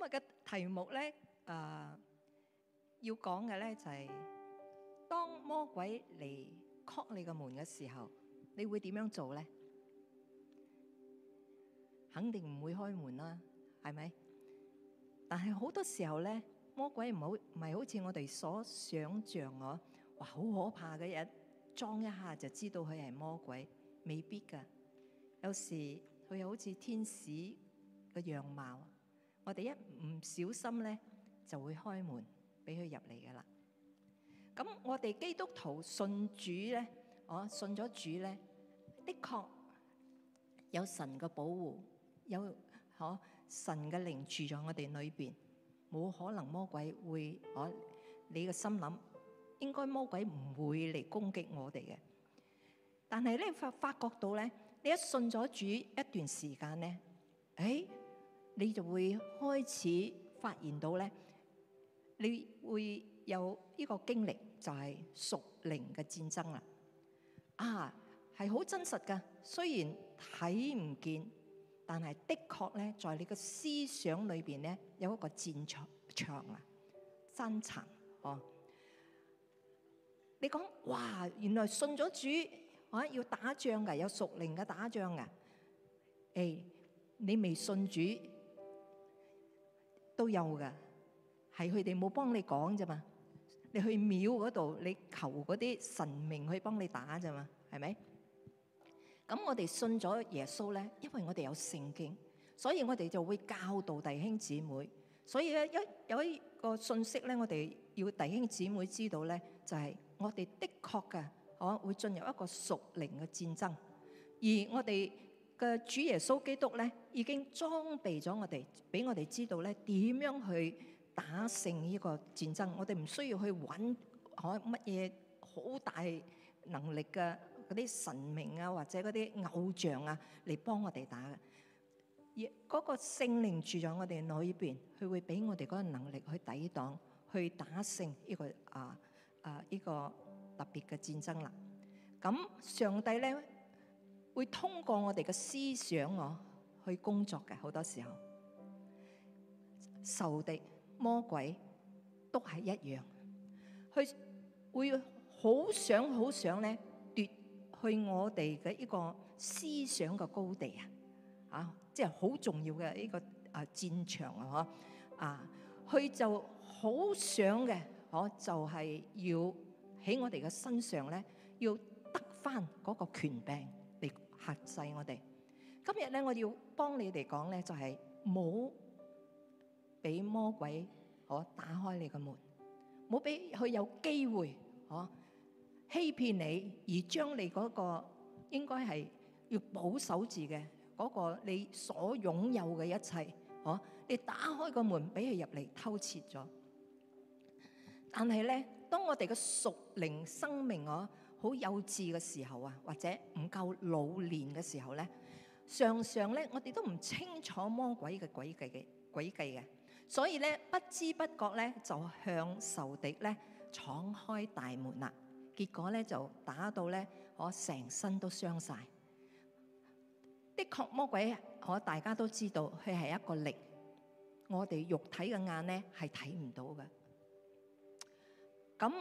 今日嘅題目呢，誒，要講嘅呢就係當魔鬼嚟敲你個門嘅時候，你會點樣做呢？肯定唔會開門啦，係咪？但係好多時候呢，魔鬼唔好唔係好似我哋所想象哦，哇，好可怕嘅人，裝一下就知道佢係魔鬼，未必噶。有時佢又好似天使嘅樣貌。我哋一唔小心咧，就會開門俾佢入嚟噶啦。咁我哋基督徒信主咧，我信咗主咧，的確有神嘅保護，有可神嘅靈住在我哋裏面，冇可能魔鬼會可你嘅心諗應該魔鬼唔會嚟攻擊我哋嘅。但係咧，發發覺到咧，你一信咗主一段時間咧，誒？你就會開始發現到咧，你會有呢個經歷，就係屬靈嘅戰爭啦。啊，係好真實噶，雖然睇唔見，但係的確咧，在你嘅思想裏邊咧，有一個戰場場啊，深層哦。你講哇，原來信咗主啊要打仗嘅，有屬靈嘅打仗嘅。誒，你未信主，都有噶，係佢哋冇幫你講咋嘛？你去廟嗰度，你求嗰啲神明去幫你打咋嘛？係咪？咁我哋信咗耶穌咧，因為我哋有聖經，所以我哋就會教導弟兄姊妹。所以咧，有有一個信息咧，我哋要弟兄姊妹知道咧，就係、是、我哋的確嘅，我會進入一個屬靈嘅戰爭，而我哋。嘅主耶穌基督咧，已經裝備咗我哋，俾我哋知道咧，點樣去打勝呢個戰爭。我哋唔需要去揾可乜嘢好大能力嘅嗰啲神明啊，或者嗰啲偶像啊嚟幫我哋打嘅。而嗰個聖靈住在我哋內面，佢會俾我哋嗰個能力去抵擋，去打勝呢個啊啊呢啊個特別嘅戰爭啦。咁上帝咧。會通過我哋嘅思想，我去工作嘅好多時候，仇敵魔鬼都係一樣，佢會好想好想咧奪去我哋嘅呢個思想嘅高地啊，啊！啊，即係好重要嘅呢個啊戰場啊！嗬啊，佢就好想嘅，嗬就係要喺我哋嘅身上咧，要得翻嗰個權柄。轄制我哋。今日咧，我要幫你哋講咧，就係冇俾魔鬼可打開你個門，冇俾佢有機會，嗬欺騙你而將你嗰個應該係要保守住嘅嗰個你所擁有嘅一切，嗬你打開個門俾佢入嚟偷竊咗。但係咧，當我哋嘅屬靈生命，嗬。好幼稚嘅時候啊，或者唔夠老練嘅時候咧，常常咧我哋都唔清楚魔鬼嘅詭計嘅詭計嘅，所以咧不知不覺咧就向仇敵咧敞開大門啦，結果咧就打到咧我成身都傷晒。的確魔鬼，我大家都知道佢係一個力，我哋肉體嘅眼咧係睇唔到嘅，咁。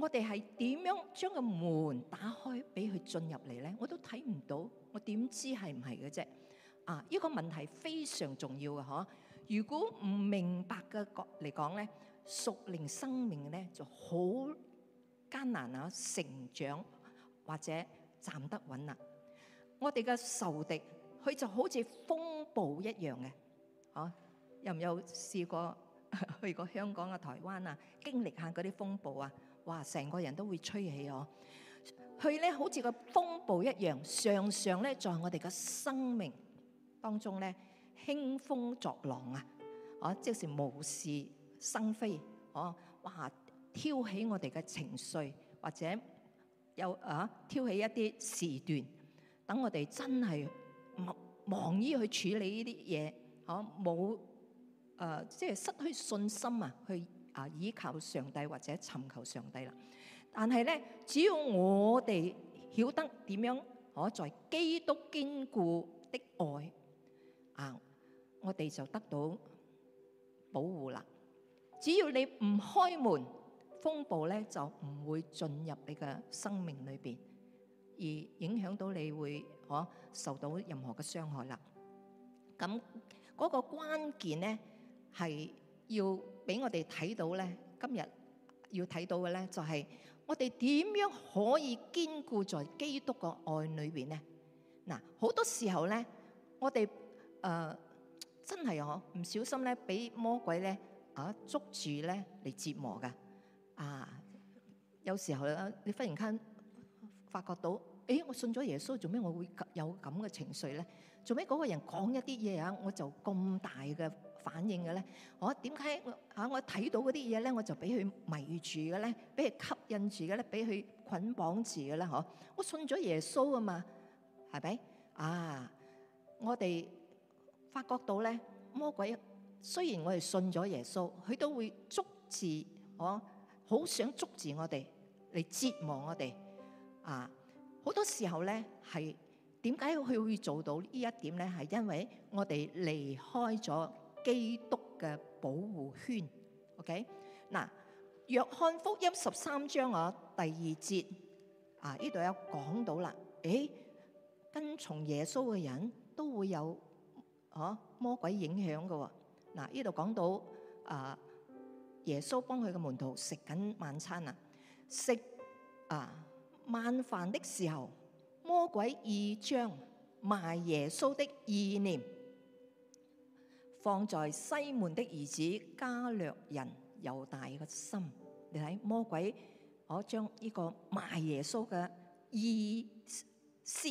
我哋係點樣將個門打開俾佢進入嚟咧？我都睇唔到，我點知係唔係嘅啫？啊！呢個問題非常重要嘅，嗬。如果唔明白嘅嚟講咧，屬靈生命咧就好艱難啊，成長或者站得穩啊。我哋嘅仇敵佢就好似風暴一樣嘅，嗬？有唔有試過 去過香港啊、台灣啊，經歷下嗰啲風暴啊？哇！成個人都會吹起哦，佢、啊、咧好似個風暴一樣，常常咧在我哋嘅生命當中咧興風作浪啊！啊，即係無事生非哦、啊！哇，挑起我哋嘅情緒，或者有啊挑起一啲事端。等我哋真係忙於去處理呢啲嘢，啊冇誒、呃，即係失去信心啊，去。啊！依靠上帝或者尋求上帝啦，但係咧，只要我哋曉得點樣，可在基督堅固的愛啊，我哋就得到保護啦。只要你唔開門，風暴咧就唔會進入你嘅生命裏邊，而影響到你會可受到任何嘅傷害啦。咁嗰個關鍵咧係。要俾我哋睇到咧，今日要睇到嘅咧，就係我哋點樣可以堅固在基督嘅愛裏邊咧？嗱，好多時候咧，我哋誒真係嗬，唔小心咧，俾魔鬼咧啊捉住咧嚟折磨㗎啊！有時候咧，你忽然間發覺到，誒，我信咗耶穌，做咩我會有咁嘅情緒咧？做咩嗰個人講一啲嘢啊，我就咁大嘅反應嘅咧、啊啊，我點解嚇？我睇到嗰啲嘢咧，我就俾佢迷住嘅咧，俾佢吸引住嘅咧，俾佢捆綁住嘅咧，嗬、啊？我信咗耶穌啊嘛，係咪啊？我哋發覺到咧，魔鬼雖然我哋信咗耶穌，佢都會捉住我，好、啊、想捉住我哋嚟折磨我哋啊！好多時候咧，係點解佢會做到呢一點咧？係因為我哋離開咗。基督嘅保護圈，OK？嗱，《約翰福音》十三章啊，第二節啊，呢度有講到啦。誒，跟從耶穌嘅人都會有啊魔鬼影響嘅嗱，呢度講到啊，耶穌幫佢嘅門徒食緊晚餐啊，食啊晚飯的時候，魔鬼已將賣耶穌的意念，放在西門的兒子加略人猶大嘅心，你睇魔鬼，我、啊、將呢、這個賣耶穌嘅意思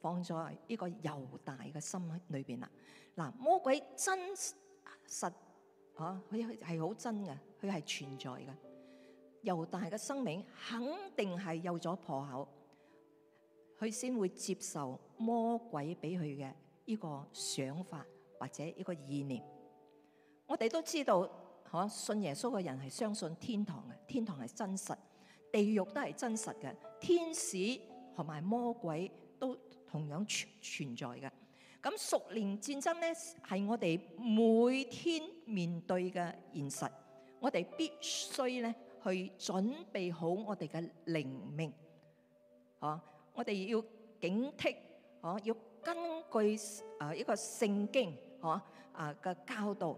放在呢個猶大嘅心裏邊啦。嗱、啊，魔鬼真實啊，佢係好真嘅，佢係存在嘅。猶大嘅生命肯定係有咗破口，佢先會接受魔鬼俾佢嘅呢個想法。或者一個意念，我哋都知道，嗬、啊，信耶穌嘅人係相信天堂嘅，天堂係真實，地獄都係真實嘅，天使同埋魔鬼都同樣存存在嘅。咁屬靈戰爭咧係我哋每天面對嘅現實，我哋必須咧去準備好我哋嘅靈命，嗬、啊，我哋要警惕，嗬、啊，要根據誒、啊、一個聖經。啊！啊嘅教導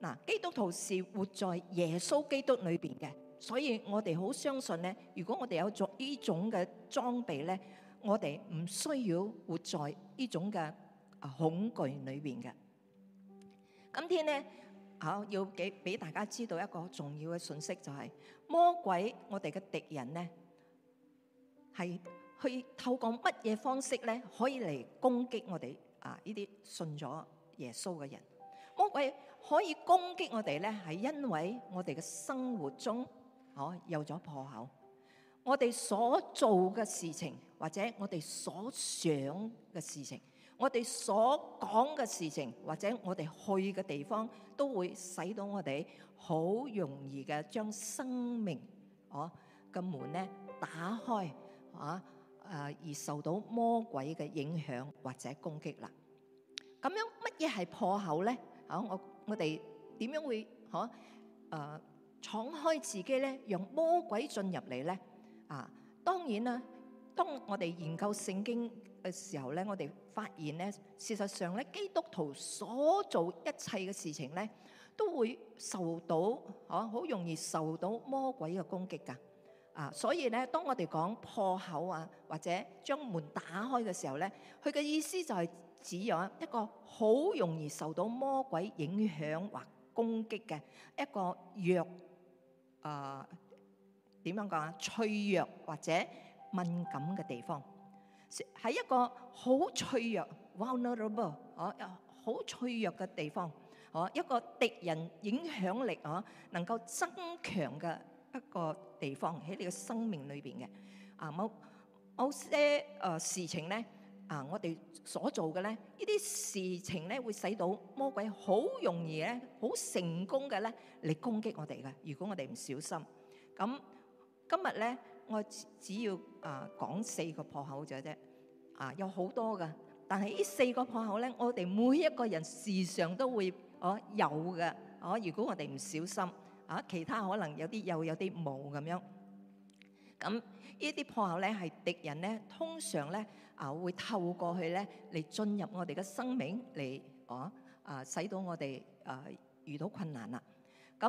嗱，基督徒是活在耶穌基督裏邊嘅，所以我哋好相信咧。如果我哋有做呢種嘅裝備咧，我哋唔需要活在呢種嘅恐懼裏邊嘅。今天咧，好要俾俾大家知道一個重要嘅信息，就係魔鬼我哋嘅敵人咧，係去透過乜嘢方式咧，可以嚟攻擊我哋啊？呢啲信咗耶穌嘅人，魔鬼可以攻擊我哋咧，係因為我哋嘅生活中，哦有咗破口，我哋所做嘅事情或者我哋所想嘅事情，我哋所講嘅事情或者我哋去嘅地方，都會使到我哋好容易嘅將生命哦個門咧打開啊，誒而受到魔鬼嘅影響或者攻擊啦。咁樣乜嘢係破口咧？啊，我我哋點樣會嚇誒敞開自己咧，讓魔鬼進入嚟咧？啊，當然啦，當我哋研究聖經嘅時候咧，我哋發現咧，事實上咧，基督徒所做一切嘅事情咧，都會受到哦，好容易受到魔鬼嘅攻擊㗎。啊，所以咧，當我哋講破口啊，或者將門打開嘅時候咧，佢嘅意思就係。只有一個好容易受到魔鬼影響或攻擊嘅一個弱啊點樣講啊脆弱或者敏感嘅地方，係一個好脆弱，vulnerable 哦，好脆弱嘅地方哦，一個敵人影響力哦能夠增強嘅一個地方喺你嘅生命裏邊嘅啊，某某些誒事情咧。啊！我哋所做嘅咧，呢啲事情咧，會使到魔鬼好容易咧，好成功嘅咧，嚟攻擊我哋嘅。如果我哋唔小心，咁今日咧，我只要啊講四個破口咋啫。啊，有好多㗎，但係呢四個破口咧，我哋每一個人事上都會，啊有嘅，啊如果我哋唔小心，啊，其他可能有啲又有啲冇咁樣。咁呢啲破口咧，係敵人咧，通常咧啊，會透過去咧嚟進入我哋嘅生命嚟哦啊，使到我哋啊遇到困難啦。咁、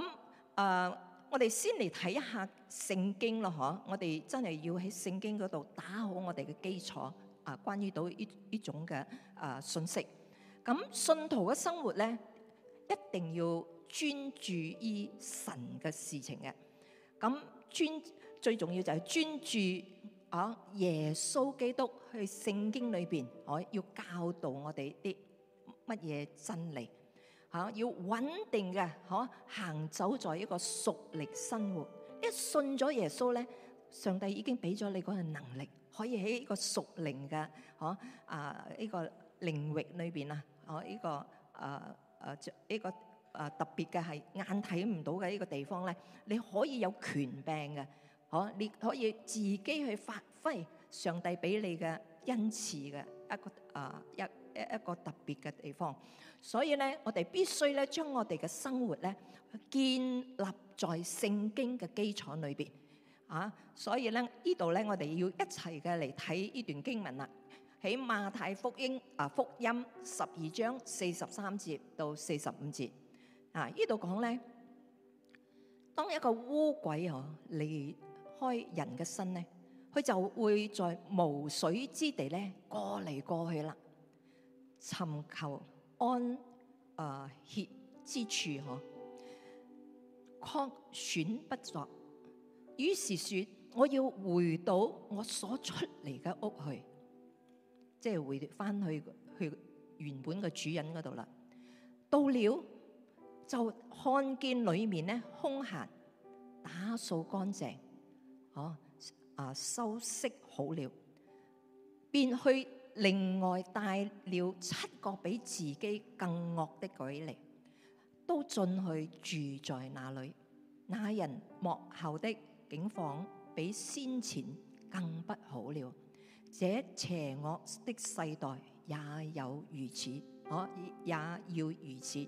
嗯、啊，我哋先嚟睇一下聖經咯，嗬。我哋真係要喺聖經嗰度打好我哋嘅基礎啊，關於到呢呢種嘅啊信息。咁、嗯、信徒嘅生活咧，一定要專注於神嘅事情嘅。咁、嗯、專。最重要就係專注啊！耶穌基督去聖經裏邊，我要教導我哋啲乜嘢真理嚇，要穩定嘅可行走在一個屬靈生活。一信咗耶穌咧，上帝已經俾咗你嗰個能力，可以喺呢個屬靈嘅可啊呢個領域裏邊啊，我、呃、呢、這個誒誒呢個誒、呃這個呃、特別嘅係眼睇唔到嘅呢個地方咧，你可以有權柄嘅。哦，你可以自己去發揮上帝俾你嘅恩賜嘅一個啊、呃、一一一個特別嘅地方，所以咧我哋必須咧將我哋嘅生活咧建立在聖經嘅基礎裏邊啊！所以咧呢度咧我哋要一齊嘅嚟睇呢段經文啦，喺馬太福音啊、呃、福音十二章四十三節到四十五節啊呢度講咧，當一個污鬼哦、啊、你開人嘅身咧，佢就會在無水之地咧過嚟過去啦，尋求安誒歇、呃、之處嗬，卻尋不着。於是說，我要回到我所出嚟嘅屋去，即係回翻去去原本嘅主人嗰度啦。到了就看見裏面咧空閒，打掃乾淨。哦、啊，收拾好了，便去另外帶了七個比自己更惡的鬼嚟，都進去住在那裏。那人末後的景況比先前更不好了。這邪惡的世代也有如此，我、哦、也要如此。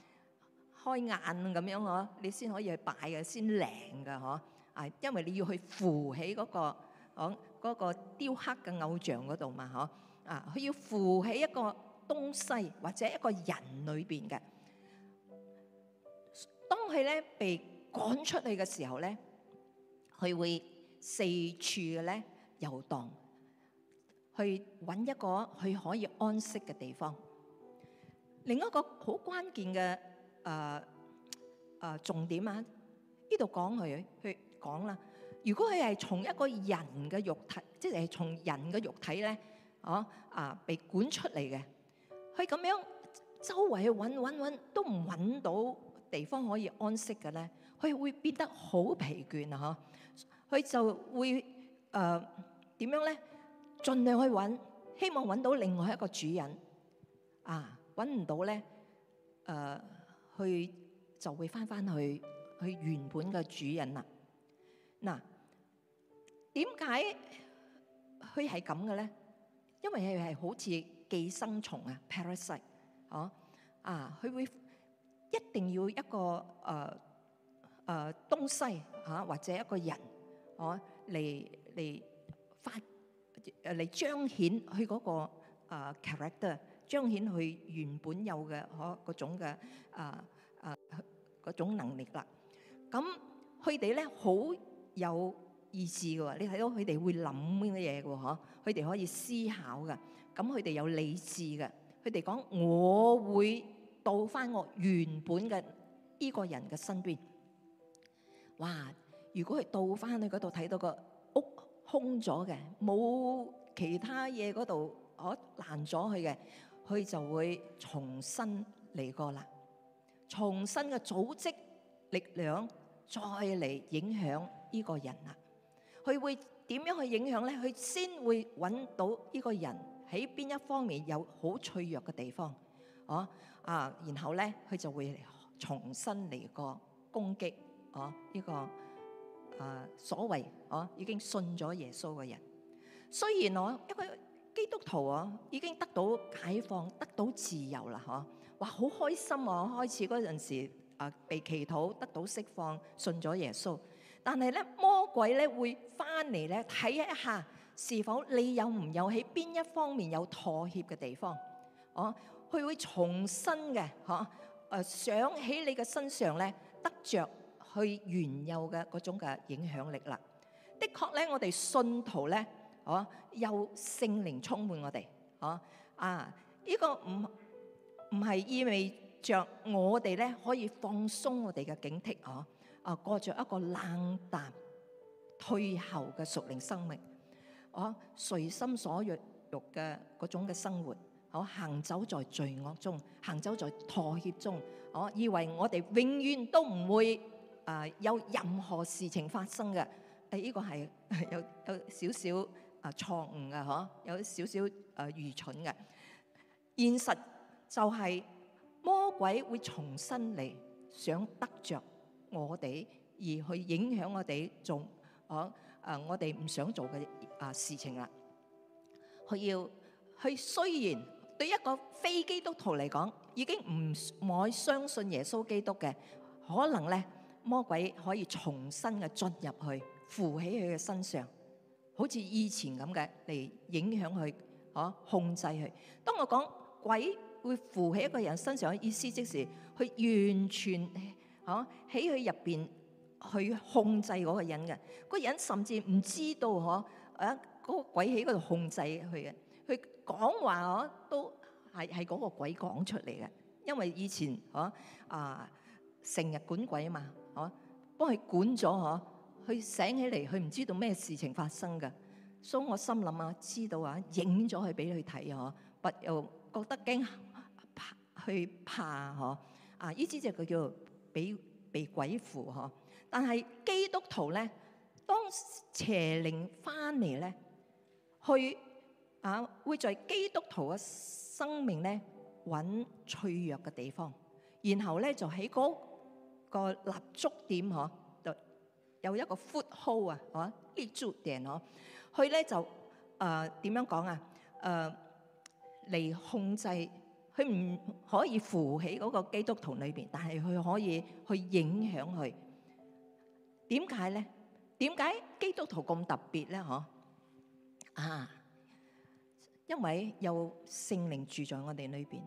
開眼咁樣呵，你先可以去擺嘅，先靈嘅呵。啊，因為你要去扶起嗰個，講嗰個雕刻嘅偶像嗰度嘛，呵。啊，佢要扶起一個東西或者一個人裏邊嘅。當佢咧被趕出去嘅時候咧，佢會四處嘅咧遊蕩，去揾一個佢可以安息嘅地方。另一個好關鍵嘅。誒誒、呃呃、重點啊！呢度講佢去講啦。如果佢係從一個人嘅肉體，即係從人嘅肉體咧，哦啊，啊，啊，被管出嚟嘅，佢咁樣周圍去揾揾揾，都唔揾到地方可以安息嘅咧，佢會變得好疲倦啊！嗬，佢就會誒、啊、點樣咧？儘量去揾，希望揾到另外一個主人啊，揾唔到咧誒。啊佢就會翻翻去佢原本嘅主人啦。嗱，點解佢係咁嘅咧？因為佢係好似寄生蟲啊，parasite，哦啊，佢會一定要一個誒誒東西嚇或者一個人哦嚟嚟發嚟彰顯佢嗰個誒 character。彰顯佢原本有嘅可嗰種嘅啊啊嗰種能力啦。咁佢哋咧好有意志嘅喎，你睇到佢哋會諗啲嘢嘅喎，嗬？佢哋可以思考嘅，咁佢哋有理智嘅。佢哋講，我會到翻我原本嘅依個人嘅身邊。哇！如果佢到翻去嗰度睇到個屋空咗嘅，冇其他嘢嗰度，我爛咗佢嘅。佢就會重新嚟過啦，重新嘅組織力量再嚟影響呢個人啦。佢會點樣去影響咧？佢先會揾到呢個人喺邊一方面有好脆弱嘅地方，哦啊，啊，然後咧佢就會重新嚟過啊這個攻擊，哦呢個啊所謂哦、啊、已經信咗耶穌嘅人，雖然我一個。基督徒啊，已經得到解放，得到自由啦，嗬、啊！哇，好開心啊！開始嗰陣時，啊，被祈禱得到釋放，信咗耶穌。但係咧，魔鬼咧會翻嚟咧睇一下，看看是否你有唔有喺邊一方面有妥協嘅地方？哦、啊，佢會重新嘅，嗬、啊，誒、啊，想喺你嘅身上咧，得着去原有嘅嗰種嘅影響力啦。的確咧，我哋信徒咧。哦，有聖靈充滿我哋，哦啊，呢、這個唔唔係意味着我哋咧可以放鬆我哋嘅警惕，哦啊，過着一個冷淡退後嘅屬靈生命，我、啊、隨心所欲欲嘅嗰種嘅生活，我、啊、行走在罪惡中，行走在妥協中，我、啊、以為我哋永遠都唔會啊有任何事情發生嘅。誒、啊，呢、這個係有有少少，啊，錯誤嘅嗬，有少少啊愚蠢嘅。現實就係魔鬼會重新嚟，想得著我哋，而去影響我哋做嗬啊！我哋唔想做嘅啊事情啦。佢要去，雖然對一個非基督徒嚟講，已經唔會相信耶穌基督嘅，可能咧魔鬼可以重新嘅進入去，扶起佢嘅身上。好似以前咁嘅嚟影響佢，嗬、啊、控制佢。當我講鬼會附喺一個人身上嘅意思，即是佢完全嗬喺佢入邊去控制嗰個人嘅。嗰、那個、人甚至唔知道嗬，啊嗰、啊那個鬼喺嗰度控制佢嘅。佢講話嗬、啊、都係係嗰個鬼講出嚟嘅，因為以前嗬啊成日、啊、管鬼啊嘛，嗬幫佢管咗嗬。啊佢醒起嚟，佢唔知道咩事情發生嘅，所以我心諗啊，知道啊，影咗佢俾佢睇啊，嗬，不又覺得驚，怕去怕嗬，啊，呢支就叫叫做俾被，被鬼附嗬、啊，但係基督徒咧，當邪靈翻嚟咧，去啊會在基督徒嘅生命咧揾脆弱嘅地方，然後咧就喺嗰個立足點嗬。啊有一個 foothold 啊，嗬，呢組人嗬，佢咧就誒點樣講啊？誒嚟控制佢唔可以扶起嗰個基督徒裏邊，但係佢可以去影響佢。點解咧？點解基督徒咁特別咧？嗬啊，因為有聖靈住在我哋裏邊，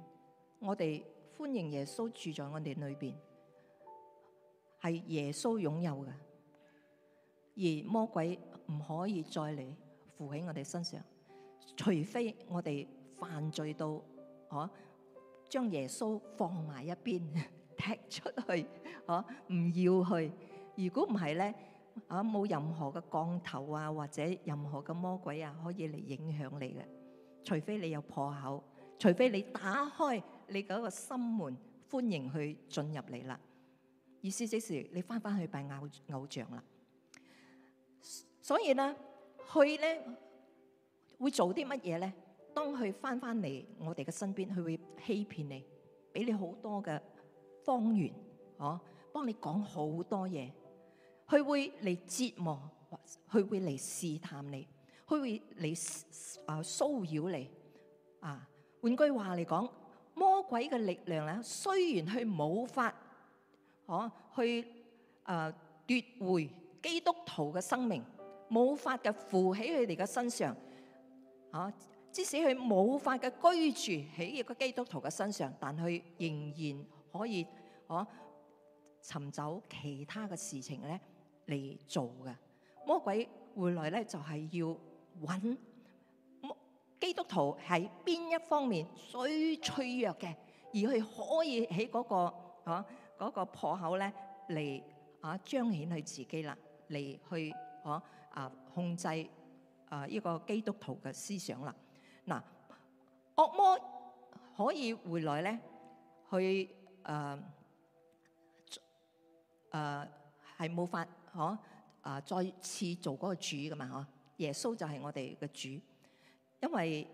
我哋歡迎耶穌住在我哋裏邊，係耶穌擁有嘅。而魔鬼唔可以再嚟附喺我哋身上，除非我哋犯罪到啊，將耶穌放埋一邊踢出去啊，唔要去。如果唔係咧啊，冇任何嘅降頭啊，或者任何嘅魔鬼啊，可以嚟影響你嘅，除非你有破口，除非你打開你嗰個心門，歡迎去進入嚟啦。意思即是，你翻返去拜偶偶像啦。所以咧，佢咧會做啲乜嘢咧？當佢返返嚟我哋嘅身邊，佢會欺騙你，俾你好多嘅謊言，哦、啊，幫你講好多嘢。佢會嚟折磨，佢會嚟試探你，佢會嚟啊騷擾你。啊，換句話嚟講，魔鬼嘅力量咧，雖然佢冇法，哦、啊，去啊、呃、奪回基督徒嘅生命。冇法嘅扶起佢哋嘅身上，啊！即使佢冇法嘅居住喺一個基督徒嘅身上，但佢仍然可以啊，尋找其他嘅事情咧嚟做嘅。魔鬼回來咧就係要揾基督徒喺邊一方面最脆弱嘅，而佢可以喺嗰個啊嗰個破口咧嚟啊彰顯佢自己啦，嚟去啊。啊！控制啊！呢個基督徒嘅思想啦，嗱，惡魔可以回來咧，去誒誒係冇法可啊，再次做嗰個主㗎嘛？嗬、啊，耶穌就係我哋嘅主，因為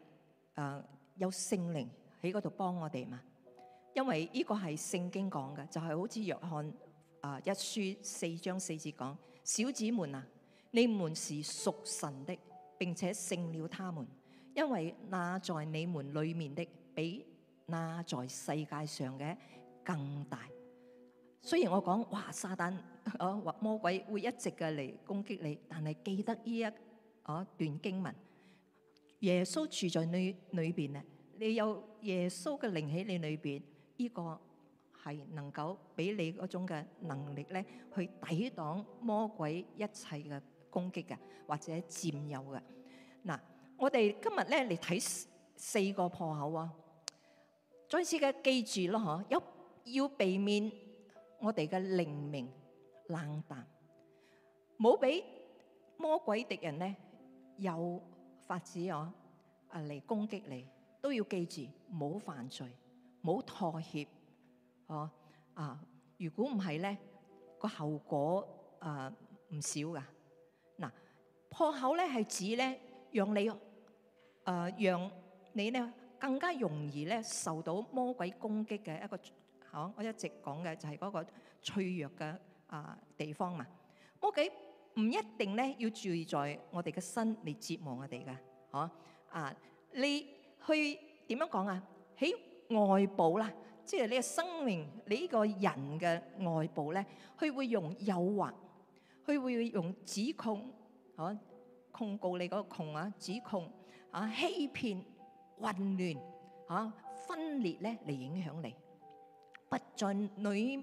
誒、啊、有聖靈喺嗰度幫我哋嘛，因為呢個係聖經講嘅，就係、是、好似約翰啊一書四章四節講，小子們啊！你們是屬神的，並且勝了他們，因為那在你們裡面的比那在世界上嘅更大。雖然我講話撒旦啊、哦、魔鬼會一直嘅嚟攻擊你，但係記得呢一、哦、段經文，耶穌住在你裏邊啊！你有耶穌嘅靈喺你裏邊，呢、這個係能夠俾你嗰種嘅能力咧，去抵擋魔鬼一切嘅。攻擊嘅或者佔有嘅，嗱，我哋今日咧嚟睇四個破口啊。再次嘅記住咯，嗬，有要避免我哋嘅靈命冷淡，冇俾魔鬼敵人咧有法子啊，嚟攻擊你都要記住，冇犯罪，冇妥協，哦啊！如果唔係咧，個後果誒唔少噶。破口咧係指咧、呃，讓你誒讓你咧更加容易咧受到魔鬼攻擊嘅一個嚇、啊，我一直講嘅就係嗰個脆弱嘅啊地方嘛。魔鬼唔一定咧要注意在我哋嘅身嚟折磨我哋噶嚇啊！你去點樣講啊？喺外部啦，即係你嘅生命，你呢個人嘅外部咧，佢會用誘惑，佢會用指控。控告你嗰個窮啊，指控啊欺騙，混亂啊分裂，咧嚟影響你。不盡女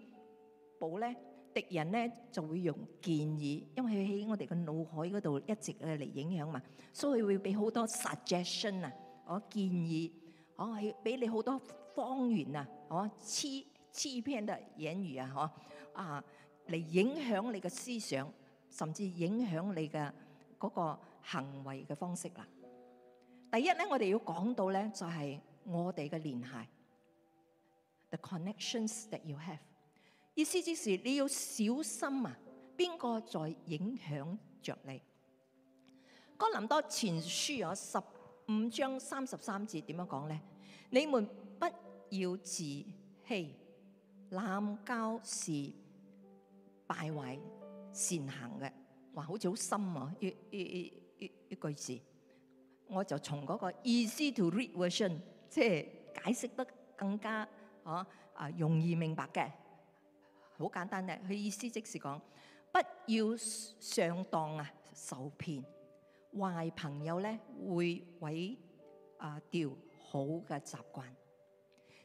保咧，敵人咧就會用建議，因為佢喺我哋嘅腦海嗰度一直啊嚟影響嘛，所以佢會俾好多 suggestion 啊，我、啊、建議，我係俾你好多謊言啊，我、啊啊、欺欺騙的言語啊，嗬啊嚟影響你嘅思想。甚至影響你嘅個行為嘅方式啦。第一咧，我哋要講到咧，就係我哋嘅聯繫。The connections that you have，意思即是你要小心啊，邊個在影響着你。哥、那個、林多前書有十五章三十三節，點樣講咧？你們不要自欺，濫交是敗壞善行嘅。哇，好似好深啊！一、一、一、一、一句字，我就從嗰個意思 to read version，即係解釋得更加啊啊容易明白嘅，好簡單嘅。佢意思即是講，不要上當啊，受騙，壞朋友咧會毀啊掉好嘅習慣。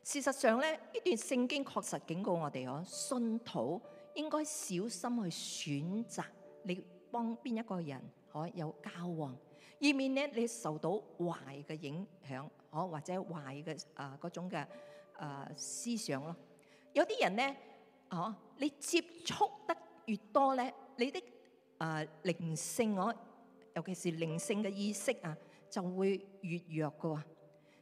事實上咧，呢段聖經確實警告我哋，嗬，信徒應該小心去選擇你。幫邊一個人可有交往，以免咧你受到壞嘅影響，可或者壞嘅啊嗰種嘅啊、呃、思想咯。有啲人咧，哦、呃，你接觸得越多咧，你的啊、呃、靈性可尤其是靈性嘅意識啊，就會越弱噶。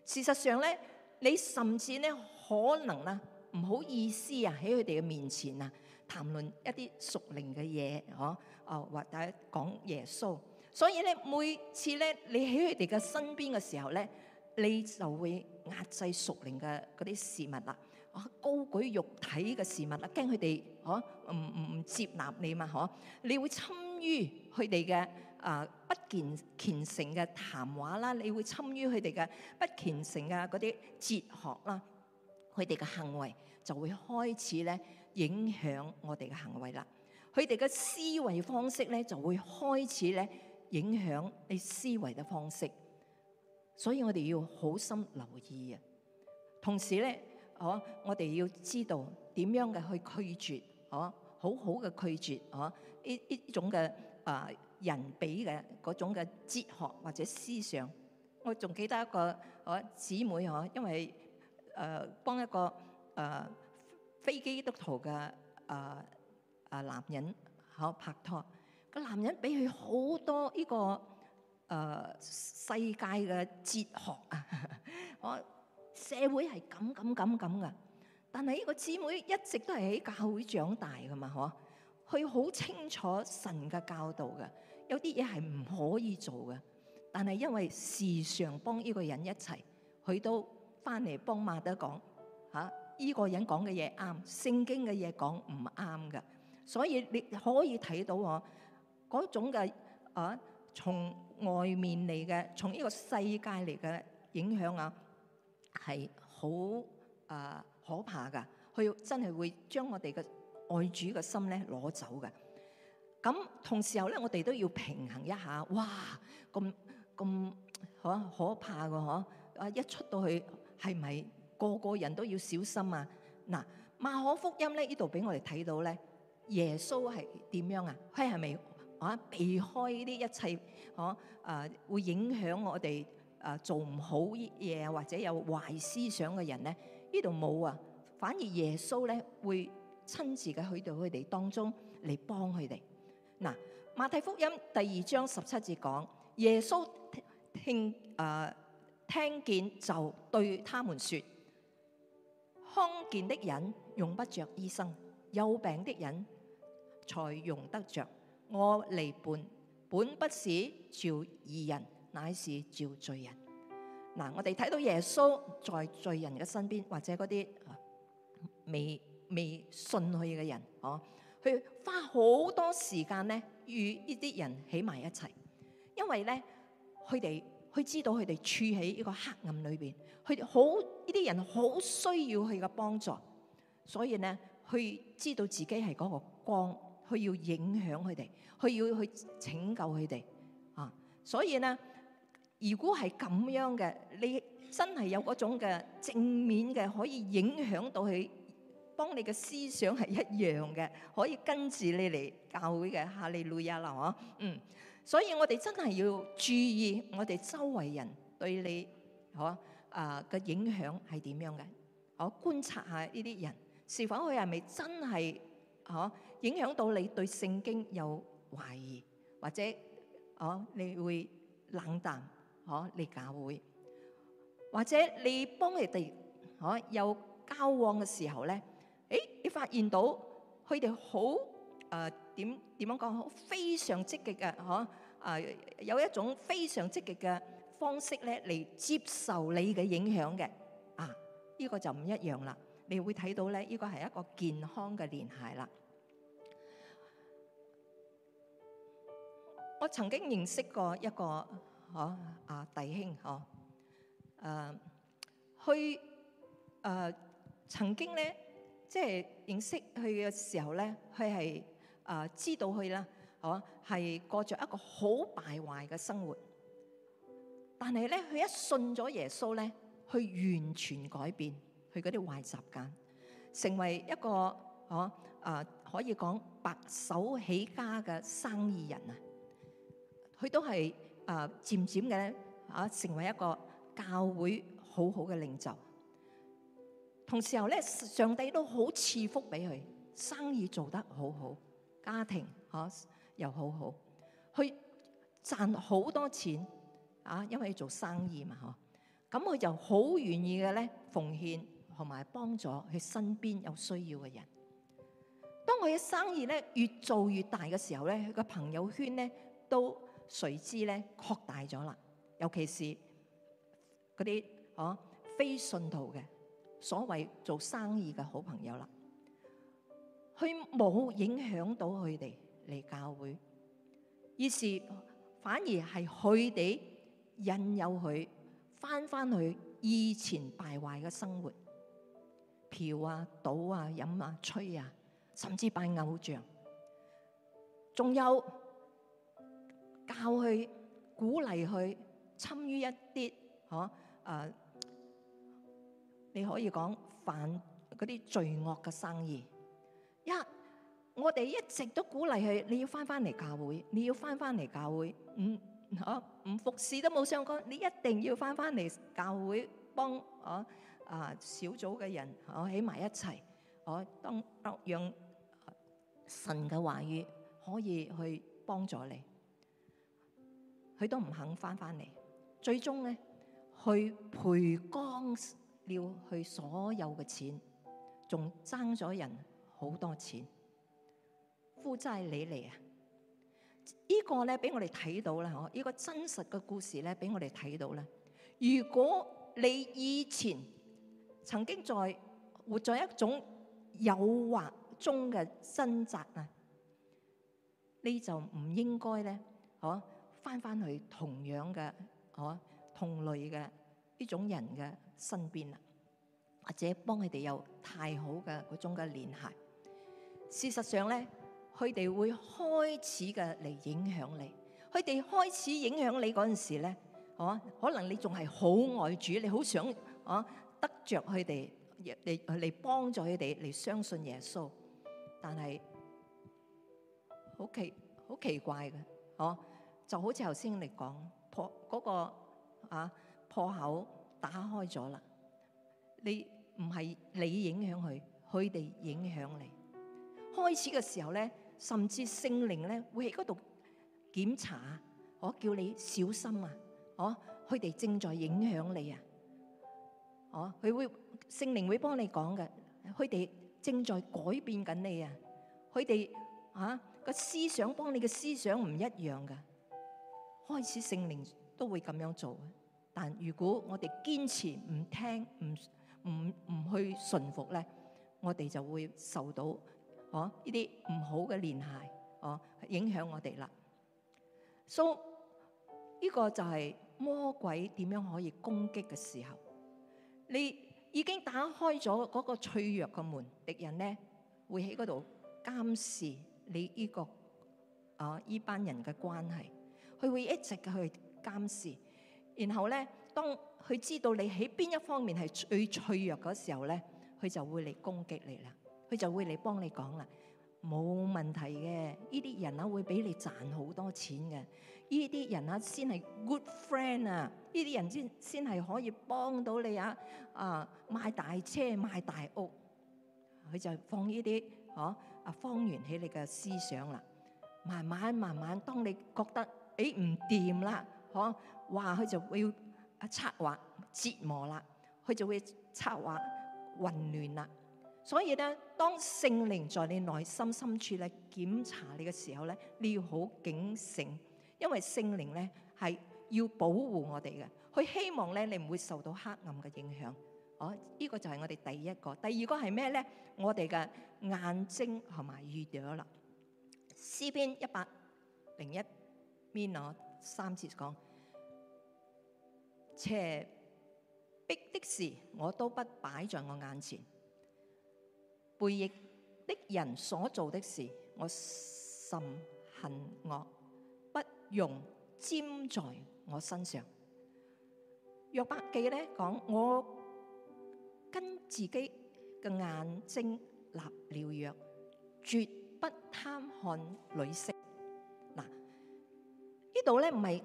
事實上咧，你甚至咧可能啊唔好意思啊喺佢哋嘅面前啊。談論一啲屬靈嘅嘢，嗬、啊，哦或者家講耶穌，所以咧每次咧你喺佢哋嘅身邊嘅時候咧，你就會壓制屬靈嘅嗰啲事物啦，啊高舉肉體嘅事物啦，驚佢哋嗬唔唔接納你嘛，嗬、啊，你會參與佢哋嘅啊不虔虔誠嘅談話啦，你會參與佢哋嘅不虔誠嘅嗰啲哲學啦。佢哋嘅行為就會開始咧影響我哋嘅行為啦，佢哋嘅思維方式咧就會開始咧影響你思維嘅方式，所以我哋要好心留意啊。同時咧、啊，我我哋要知道點樣嘅去拒絕，我、啊、好好嘅拒絕，我呢呢種嘅啊人俾嘅嗰種嘅哲學或者思想，我仲記得一個我姊、啊、妹嗬、啊，因為。誒，uh, 幫一個誒、uh, 非基督徒嘅誒誒男人，好、啊、拍拖。個男人俾佢好多呢、這個誒、uh, 世界嘅哲學 啊，我社會係咁咁咁咁噶。但係呢個姊妹一直都係喺教會長大噶嘛，嗬、啊？佢好清楚神嘅教導嘅，有啲嘢係唔可以做嘅。但係因為時常幫呢個人一齊，佢都。翻嚟幫馬德講嚇，依、啊這個人講嘅嘢啱，聖經嘅嘢講唔啱噶，所以你可以睇到我嗰種嘅啊，從、啊、外面嚟嘅，從呢個世界嚟嘅影響啊，係好啊可怕噶，佢真係會將我哋嘅愛主嘅心咧攞走噶。咁同時候咧，我哋都要平衡一下，哇，咁咁嚇可怕噶呵，啊一出到去。係咪個個人都要小心啊？嗱，馬可福音咧，呢度俾我哋睇到咧，耶穌係點樣啊？佢係咪啊避開呢啲一切可誒、啊呃、會影響我哋誒、呃、做唔好嘢或者有壞思想嘅人咧？呢度冇啊，反而耶穌咧會親自嘅去到佢哋當中嚟幫佢哋。嗱，馬太福音第二章十七節講耶穌聽誒。聽呃聽見就對他們說：康健的人用不着醫生，有病的人才用得着。我嚟本本不是召義人，乃是召罪人。嗱，我哋睇到耶穌在罪人嘅身邊，或者嗰啲、啊、未未信佢嘅人，哦、啊，佢花好多時間呢，與呢啲人起埋一齊，因為咧，佢哋。去知道佢哋處喺呢個黑暗裏邊，佢哋好呢啲人好需要佢嘅幫助，所以呢，去知道自己係嗰個光，去要影響佢哋，去要去拯救佢哋啊！所以呢，如果係咁樣嘅，你真係有嗰種嘅正面嘅，可以影響到佢，幫你嘅思想係一樣嘅，可以跟住你嚟教會嘅哈利路亞啦！嚇，嗯。所以我哋真係要注意，我哋周圍人對你，嗬，啊嘅影響係點樣嘅？哦，觀察下呢啲人是否佢係咪真係，嗬，影響到你對聖經有懷疑，或者，哦，你會冷淡，嗬，你教會，或者你幫佢哋，嗬，有交往嘅時候咧，誒，你發現到佢哋好。誒點點樣講好？非常積極嘅，嗬、呃！誒、呃、有一種非常積極嘅方式咧，嚟接受你嘅影響嘅。啊，依、呢個就唔一樣啦。你會睇到咧，依、呢個係一個健康嘅連繫啦。我曾經認識過一個嗬啊，啊弟兄嗬，誒去誒曾經咧，即係認識佢嘅時候咧，佢係。啊！知道佢啦，係嘛？係過著一個好敗壞嘅生活，但係咧，佢一信咗耶穌咧，佢完全改變佢嗰啲壞習慣，成為一個啊啊，可以講白手起家嘅生意人啊。佢都係啊，漸漸嘅啊，成為一個教會好好嘅領袖。同時候咧，上帝都好賜福俾佢，生意做得好好。家庭嗬、啊、又好好，去賺好多錢啊！因為做生意嘛嗬，咁、啊、佢就好願意嘅咧，奉獻同埋幫助佢身邊有需要嘅人。當佢嘅生意咧越做越大嘅時候咧，佢嘅朋友圈咧都隨之咧擴大咗啦，尤其是嗰啲嗬非信徒嘅，所謂做生意嘅好朋友啦。佢冇影響到佢哋嚟教會，於是反而係佢哋引誘佢翻返去以前敗壞嘅生活，嫖啊、賭啊、飲啊、吹啊，甚至拜偶像，仲有教佢鼓勵佢參與一啲，嗬啊，你可以講犯嗰啲罪惡嘅生意。一，我哋一直都鼓勵佢，你要翻翻嚟教會，你要翻翻嚟教會。唔、嗯、吓、唔、啊、服侍都冇相干。你一定要翻翻嚟教會幫，幫哦啊，啊小組嘅人我、啊、起埋一齊，我、啊、當讓、啊、神嘅話語可以去幫助你。佢都唔肯翻翻嚟，最終咧去賠光了，佢所有嘅錢，仲爭咗人。好多錢負債你嚟啊！這個、呢個咧俾我哋睇到啦，嗬！呢個真實嘅故事咧俾我哋睇到啦。如果你以前曾經在活在一種誘惑中嘅掙扎啊，你就唔應該咧，嗬、啊，返返去同樣嘅，嗬、啊，同類嘅呢種人嘅身邊啦，或者幫佢哋有太好嘅嗰種嘅聯繫。事實上咧，佢哋會開始嘅嚟影響你。佢哋開始影響你嗰陣時咧，哦、啊，可能你仲係好愛主，你好想哦、啊、得着佢哋，嚟嚟幫助佢哋嚟相信耶穌。但係好奇好奇怪嘅哦、啊，就好似頭先你講破嗰、嗰個、啊破口打開咗啦，你唔係你影響佢，佢哋影響你。開始嘅時候咧，甚至聖靈咧會喺嗰度檢查，我叫你小心啊！哦、啊，佢哋正在影響你啊！哦、啊，佢會聖靈會幫你講嘅，佢哋正在改變緊你啊！佢哋啊個思想幫你嘅思想唔一樣嘅。開始聖靈都會咁樣做，但如果我哋堅持唔聽唔唔唔去順服咧，我哋就會受到。哦，呢啲唔好嘅聯繫，哦，影響我哋啦。So 呢個就係魔鬼點樣可以攻擊嘅時候，你已經打開咗嗰個脆弱嘅門，敵人咧會喺嗰度監視你呢個啊呢班人嘅關係，佢會一直去監視。然後咧，當佢知道你喺邊一方面係最脆弱嘅時候咧，佢就會嚟攻擊你啦。佢就會嚟幫你講啦，冇問題嘅。呢啲人啊會俾你賺好多錢嘅。呢啲人啊先係 good friend 啊，呢啲人先先係可以幫到你啊啊買大車買大屋。佢就放呢啲，嗬啊，謊言喺你嘅思想啦。慢慢慢慢，當你覺得哎唔掂啦，嗬、欸啊、哇，佢就會啊策劃折磨啦，佢就會策劃混亂啦。所以咧，當聖靈在你內心深處咧檢查你嘅時候咧，你要好警醒，因為聖靈咧係要保護我哋嘅，佢希望咧你唔會受到黑暗嘅影響。哦，依個就係我哋第一個，第二個係咩咧？我哋嘅眼睛同埋耳朵啦，18, 01, ot,《詩篇一百零一篇》三節講：邪僻的事我都不擺在我眼前。背逆的人所做的事，我甚恨惡，不容沾在我身上。約伯記咧講，我跟自己嘅眼睛立了約，絕不貪看女色。嗱，呢度咧唔係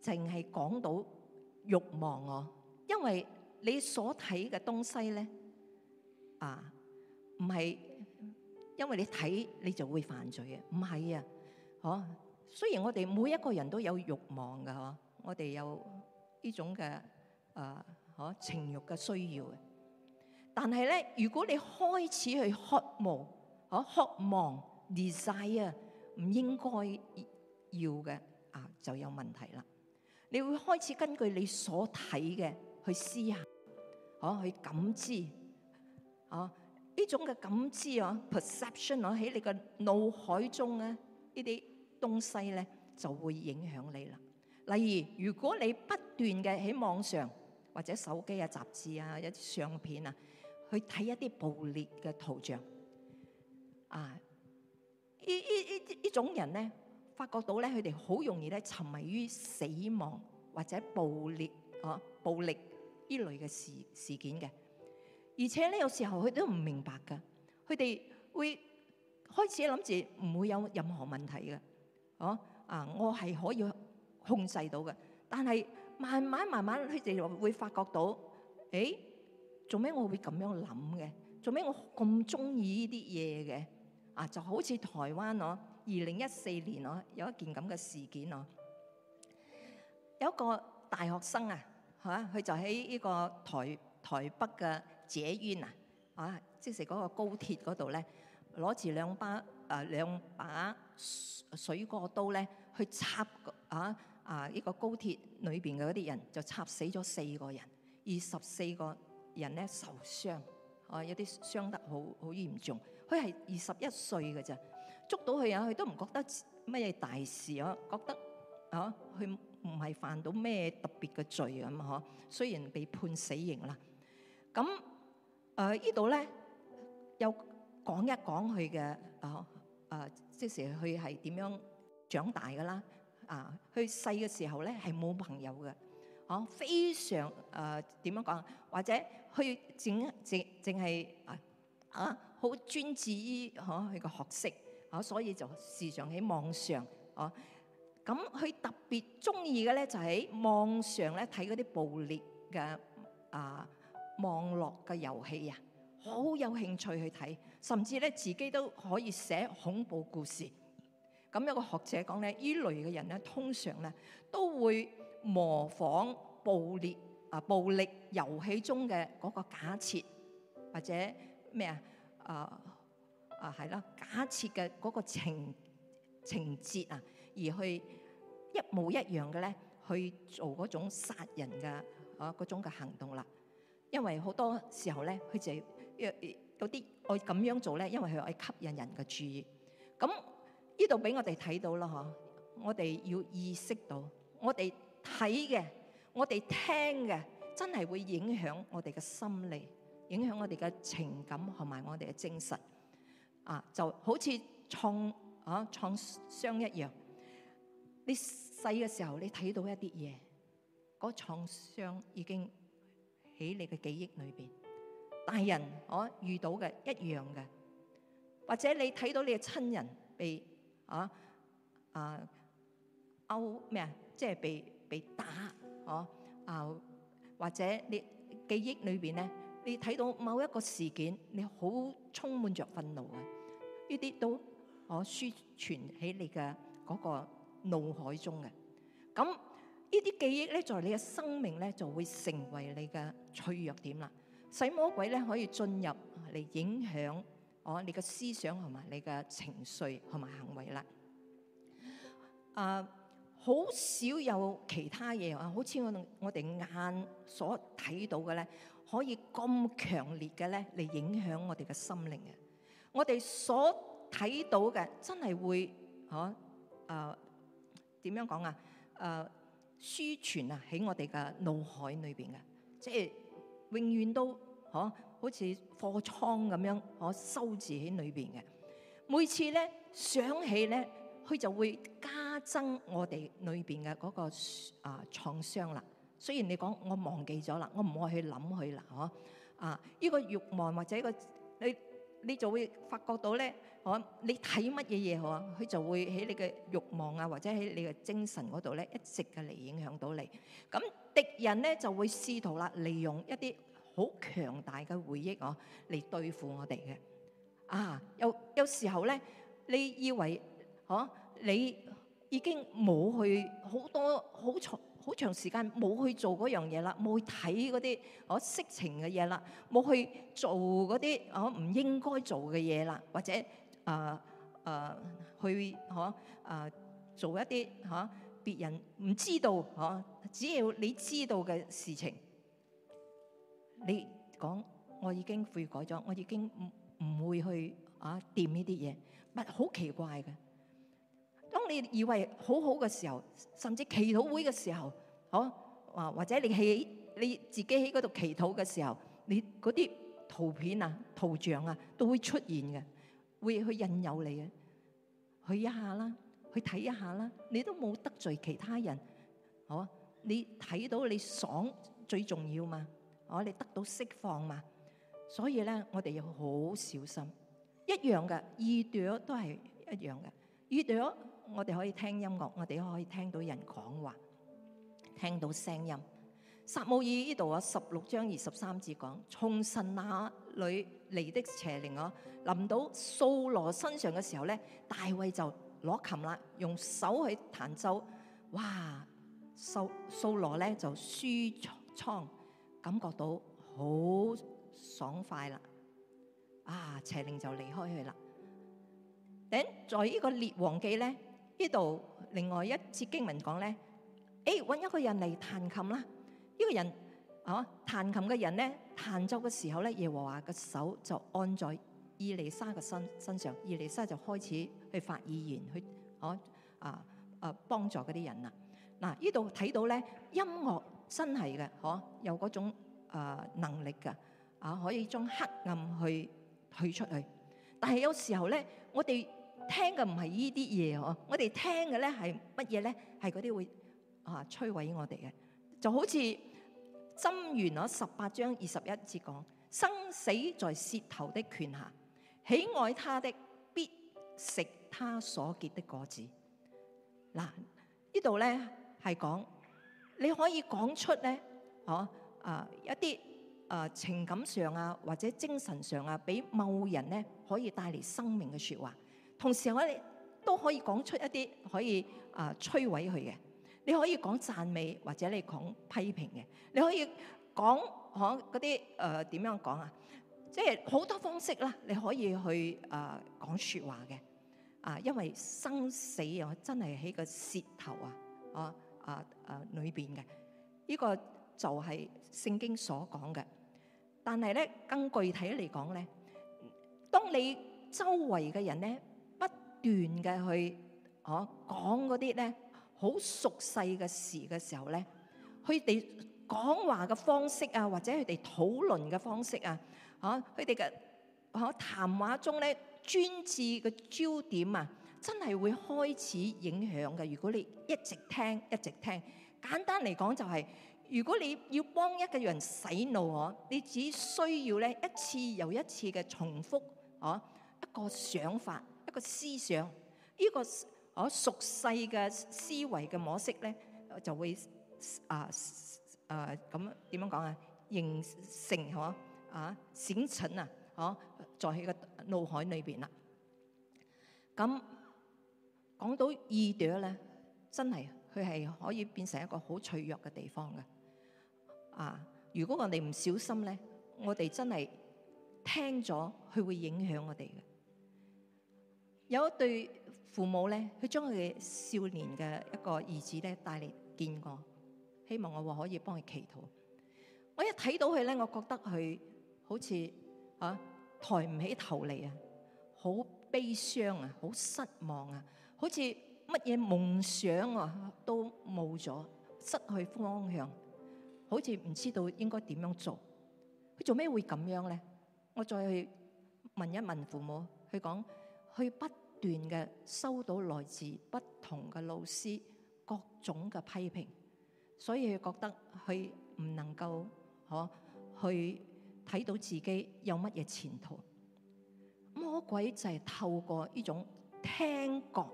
淨係講到慾望哦，因為你所睇嘅東西咧啊。唔係，因為你睇你就會犯罪嘅，唔係啊！嗬、啊，雖然我哋每一個人都有慾望嘅嗬、啊，我哋有呢種嘅啊，嗬、啊、情慾嘅需要嘅，但係咧，如果你開始去渴望，嗬、啊、渴望 desire 啊，唔應該要嘅啊，就有問題啦。你會開始根據你所睇嘅去思考，嗬、啊，去感知，啊。呢種嘅感知啊，perception 啊，喺你嘅腦海中咧、啊，呢啲東西咧就會影響你啦。例如，如果你不斷嘅喺網上或者手機啊、雜誌啊、一啲相片啊，去睇一啲暴烈嘅圖像，啊，呢呢呢呢種人咧，發覺到咧，佢哋好容易咧沉迷於死亡或者暴烈啊、暴力呢類嘅事事件嘅。而且咧，有時候佢都唔明白噶，佢哋會開始諗住唔會有任何問題嘅。哦啊，我係可以控制到嘅。但係慢慢慢慢，佢哋會發覺到，誒做咩我會咁樣諗嘅？做咩我咁鍾意呢啲嘢嘅？啊，就好似台灣咯，二零一四年咯，有一件咁嘅事件咯，有一個大學生啊，吓，佢就喺呢個台台北嘅。者冤啊，呃、啊！啊，即係嗰個高鐵嗰度咧，攞住兩把啊兩把水果刀咧，去插啊啊呢個高鐵裏邊嘅嗰啲人，就插死咗四個人，二十四個人咧受傷，啊有啲傷得好好嚴重。佢係二十一歲嘅咋，捉到佢啊，佢都唔覺得乜嘢大事啊，覺得啊，佢唔係犯到咩特別嘅罪咁，啊、嗬、啊。雖然被判死刑啦，咁、啊。誒呢度咧，又講一講佢嘅啊啊、呃，即係佢係點樣長大㗎啦？啊，佢細嘅時候咧係冇朋友嘅，哦、啊，非常誒點、呃、樣講？或者佢整整淨係啊好專注於哦佢嘅學識，哦、啊、所以就時常喺網上哦。咁、啊、佢特別中意嘅咧就喺、是、網上咧睇嗰啲暴烈嘅啊。網絡嘅遊戲啊，好有興趣去睇，甚至咧自己都可以寫恐怖故事。咁有個學者講咧，呢類嘅人咧，通常咧都會模仿暴力啊暴力遊戲中嘅嗰個假設或者咩啊啊啊係啦，假設嘅嗰個情情節啊，而去一模一樣嘅咧去做嗰種殺人嘅啊嗰種嘅行動啦。因為好多時候咧，佢就係有啲我咁樣做咧，因為佢會吸引人嘅注意。咁呢度俾我哋睇到咯，我哋要意識到，我哋睇嘅，我哋聽嘅，真係會影響我哋嘅心理，影響我哋嘅情感，同埋我哋嘅精神。啊，就好似創啊創傷一樣，你細嘅時候你睇到一啲嘢，嗰、那個、創傷已經。喺你嘅記憶裏邊，大人我遇到嘅一樣嘅，或者你睇到你嘅親人被啊啊毆咩啊，即係被被打哦啊，或者你記憶裏邊咧，你睇到某一個事件，你好充滿著憤怒嘅，呢啲都我輸存喺你嘅嗰個腦海中嘅。咁呢啲記憶咧，在你嘅生命咧，就會成為你嘅。脆弱點啦，使魔鬼咧可以進入嚟，影響我你嘅思想同埋你嘅情緒同埋行為啦。啊，好少有其他嘢啊，好似我我哋眼所睇到嘅咧，可以咁強烈嘅咧嚟影響我哋嘅心靈嘅。我哋所睇到嘅真係會，啊、呃、啊，點樣講啊？啊，輸傳啊喺我哋嘅腦海裏邊嘅，即係。永遠都嗬、啊，好似貨倉咁樣，我、啊、收住喺裏邊嘅。每次咧想起咧，佢就會加增我哋裏邊嘅嗰個啊創傷啦。雖然你講我忘記咗啦，我唔愛去諗佢啦，嗬啊，依、啊、個欲望或者個你你就會發覺到咧。你睇乜嘢嘢？好啊佢就會喺你嘅慾望啊，或者喺你嘅精神嗰度咧，一直嘅嚟影響到你。咁敵人咧就會試圖啦，利用一啲好強大嘅回憶，呀嚟對付我哋嘅。啊，有有時候咧，你以為，我、啊、你已經冇去好多好長好長時間冇去做嗰樣嘢啦，冇去睇嗰啲啊色情嘅嘢啦，冇去做嗰啲啊唔應該做嘅嘢啦，或者。啊啊，去嚇啊，做一啲嚇、啊、別人唔知道嚇、啊，只要你知道嘅事情，你講，我已經悔改咗，我已經唔唔會去嚇掂呢啲嘢。唔、啊、好、啊、奇怪嘅，當你以為好好嘅時候，甚至祈禱會嘅時候，哦、啊、或、啊、或者你喺你自己喺嗰度祈禱嘅時候，你嗰啲圖片啊、圖像啊都會出現嘅。會去引誘你嘅，去一下啦，去睇一下啦，你都冇得罪其他人，好啊？你睇到你爽最重要嘛？哦，你得到釋放嘛？所以咧，我哋要好小心一樣嘅。耳朵都係一樣嘅，耳朵我哋可以聽音樂，我哋可以聽到人講話，聽到聲音。撒母耳呢度啊，十六章二十三節講，從神那裡。嚟的邪靈哦，臨到掃羅身上嘅時候咧，大衛就攞琴啦，用手去彈奏，哇！掃掃羅咧就舒暢，感覺到好爽快啦。啊，邪靈就離開佢啦。等在呢個列王記咧，呢度另外一次經文講咧，誒、欸、揾一個人嚟彈琴啦，呢、這個人。啊！彈琴嘅人咧彈奏嘅時候咧，耶和華嘅手就按在以利沙嘅身身上，以利沙就開始去發異言去，可啊啊幫、啊、助嗰啲人啦。嗱、啊，呢度睇到咧音樂真係嘅，可、啊、有嗰種、啊、能力嘅啊，可以將黑暗去退出去。但係有時候咧，我哋聽嘅唔係依啲嘢哦，我哋聽嘅咧係乜嘢咧？係嗰啲會啊摧毀我哋嘅，就好似。《箴言》嗰十八章二十一節講：生死在舌頭的權下，喜愛他的必食他所結的果子。嗱，呢度咧係講，你可以講出咧，哦啊，啊一啲啊情感上啊或者精神上啊，俾某人咧可以帶嚟生命嘅説話，同時我哋都可以講出一啲可以啊摧毀佢嘅。你可以講讚美或者你講批評嘅，你可以講哦嗰啲誒點樣講啊？即係好多方式啦，你可以去誒、呃、講説話嘅啊，因為生死啊真係喺個舌頭啊啊啊啊裏邊嘅，呢、這個就係聖經所講嘅。但係咧，更具體嚟講咧，當你周圍嘅人咧不斷嘅去哦、啊、講嗰啲咧。好熟悉嘅事嘅時候咧，佢哋講話嘅方式啊，或者佢哋討論嘅方式啊，啊，佢哋嘅啊談話中咧專注嘅焦點啊，真係會開始影響嘅。如果你一直聽一直聽，簡單嚟講就係、是，如果你要幫一個人洗腦，啊，你只需要咧一次又一次嘅重複，啊，一個想法一個思想呢個。我熟悉嘅思維嘅模式咧，就會啊啊咁點、啊、樣講啊？形成嚇啊閃存啊，喎、啊啊，在佢嘅腦海裏邊啦。咁、啊、講到耳朵咧，真係佢係可以變成一個好脆弱嘅地方嘅。啊，如果我哋唔小心咧，我哋真係聽咗，佢會影響我哋嘅。有一對父母咧，佢將佢嘅少年嘅一個兒子咧帶嚟見我，希望我話可以幫佢祈禱。我一睇到佢咧，我覺得佢好似嚇、啊、抬唔起頭嚟啊，好悲傷啊，好失望啊，好似乜嘢夢想啊都冇咗，失去方向，好似唔知道應該點樣做。佢做咩會咁樣咧？我再去問一問父母，佢講。佢不斷嘅收到來自不同嘅老師各種嘅批評，所以佢覺得佢唔能夠，嗬、啊，去睇到自己有乜嘢前途。魔鬼就係透過呢種聽覺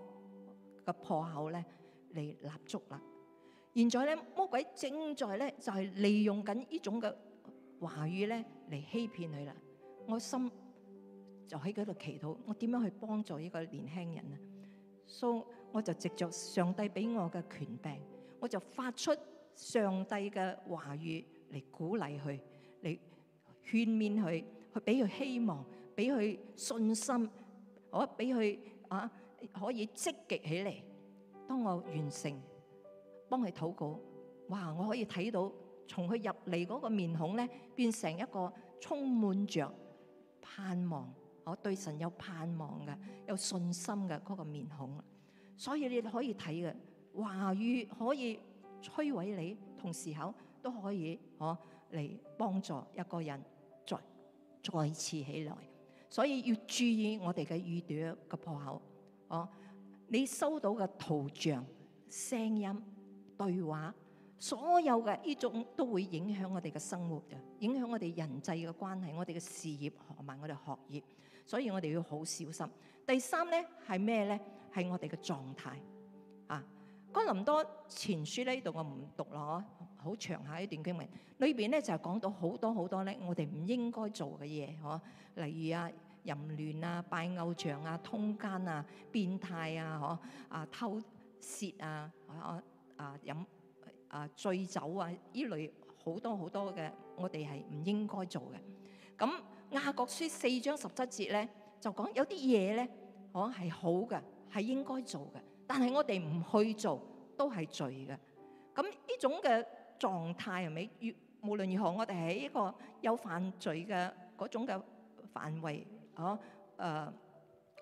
嘅破口咧嚟立足啦。現在咧，魔鬼正在咧就係、是、利用緊呢種嘅話語咧嚟欺騙佢啦。我心就喺度祈禱，我點樣去幫助呢個年輕人啊？所、so, 以我就藉着上帝俾我嘅權柄，我就發出上帝嘅話語嚟鼓勵佢，嚟勸勉佢，去俾佢希望，俾佢信心，我俾佢啊可以積極起嚟。當我完成，幫佢禱告，哇！我可以睇到從佢入嚟嗰個面孔咧，變成一個充滿着盼望。我對神有盼望嘅，有信心嘅嗰、那個面孔，所以你可以睇嘅，話語可以摧毀你，同時候都可以可嚟、啊、幫助一個人再再次起來。所以要注意我哋嘅耳朵嘅破口。哦、啊，你收到嘅圖像、聲音、對話，所有嘅呢種都會影響我哋嘅生活嘅，影響我哋人際嘅關係，我哋嘅事業同埋我哋學業。所以我哋要好小心。第三咧係咩咧？係我哋嘅狀態啊！哥林多前書呢度我唔讀咯，好長下一段經文，裏邊咧就講到好多好多咧，我哋唔應該做嘅嘢，嗬，例如啊淫亂啊、拜偶像啊、通奸啊、變態啊，嗬啊偷竊啊啊飲啊醉酒啊，呢類好多好多嘅，我哋係唔應該做嘅。咁雅各書四章十七節咧，就講有啲嘢咧，我係好嘅，係應該做嘅，但係我哋唔去做都係罪嘅。咁呢種嘅狀態係咪？無論如何，我哋喺一個有犯罪嘅嗰種嘅範圍，哦誒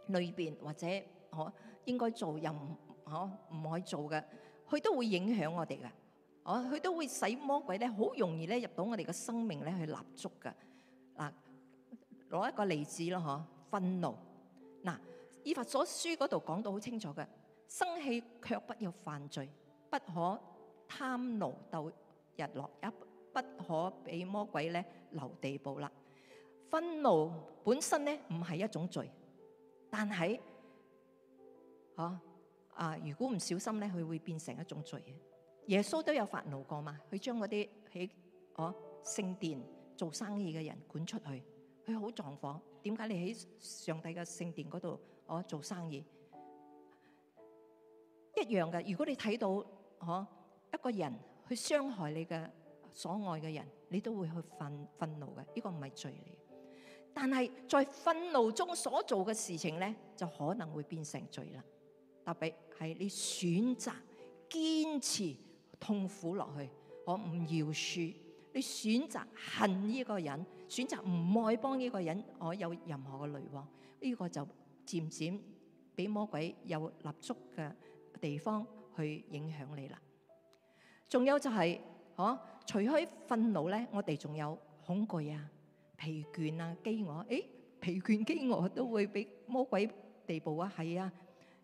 裏邊或者我應該做又唔哦唔可以做嘅，佢都會影響我哋嘅。哦，佢都會使魔鬼咧好容易咧入到我哋嘅生命咧去立足嘅嗱。攞一個例子咯，嚇，憤怒嗱，以弗所書嗰度講到好清楚嘅，生氣卻不要犯罪，不可含怒到日落，也不可俾魔鬼咧留地步啦。憤怒本身咧唔係一種罪，但係嚇啊，如果唔小心咧，佢會變成一種罪。耶穌都有憤怒過嘛，佢將嗰啲喺哦聖殿做生意嘅人趕出去。佢好撞火，點解你喺上帝嘅聖殿嗰度，我做生意一樣嘅？如果你睇到，我、啊、一個人去傷害你嘅所愛嘅人，你都會去憤憤怒嘅，呢、這個唔係罪嚟。但係在憤怒中所做嘅事情呢，就可能會變成罪啦。特別係你選擇堅持痛苦落去，我唔要輸。你選擇恨呢個人，選擇唔愛幫呢個人，我有任何嘅雷喎？呢、這個就漸漸俾魔鬼有立足嘅地方去影響你啦。仲有就係、是啊，我除開憤怒咧，我哋仲有恐懼啊、疲倦啊、飢餓。誒、欸，疲倦飢餓都會俾魔鬼地步啊，係啊，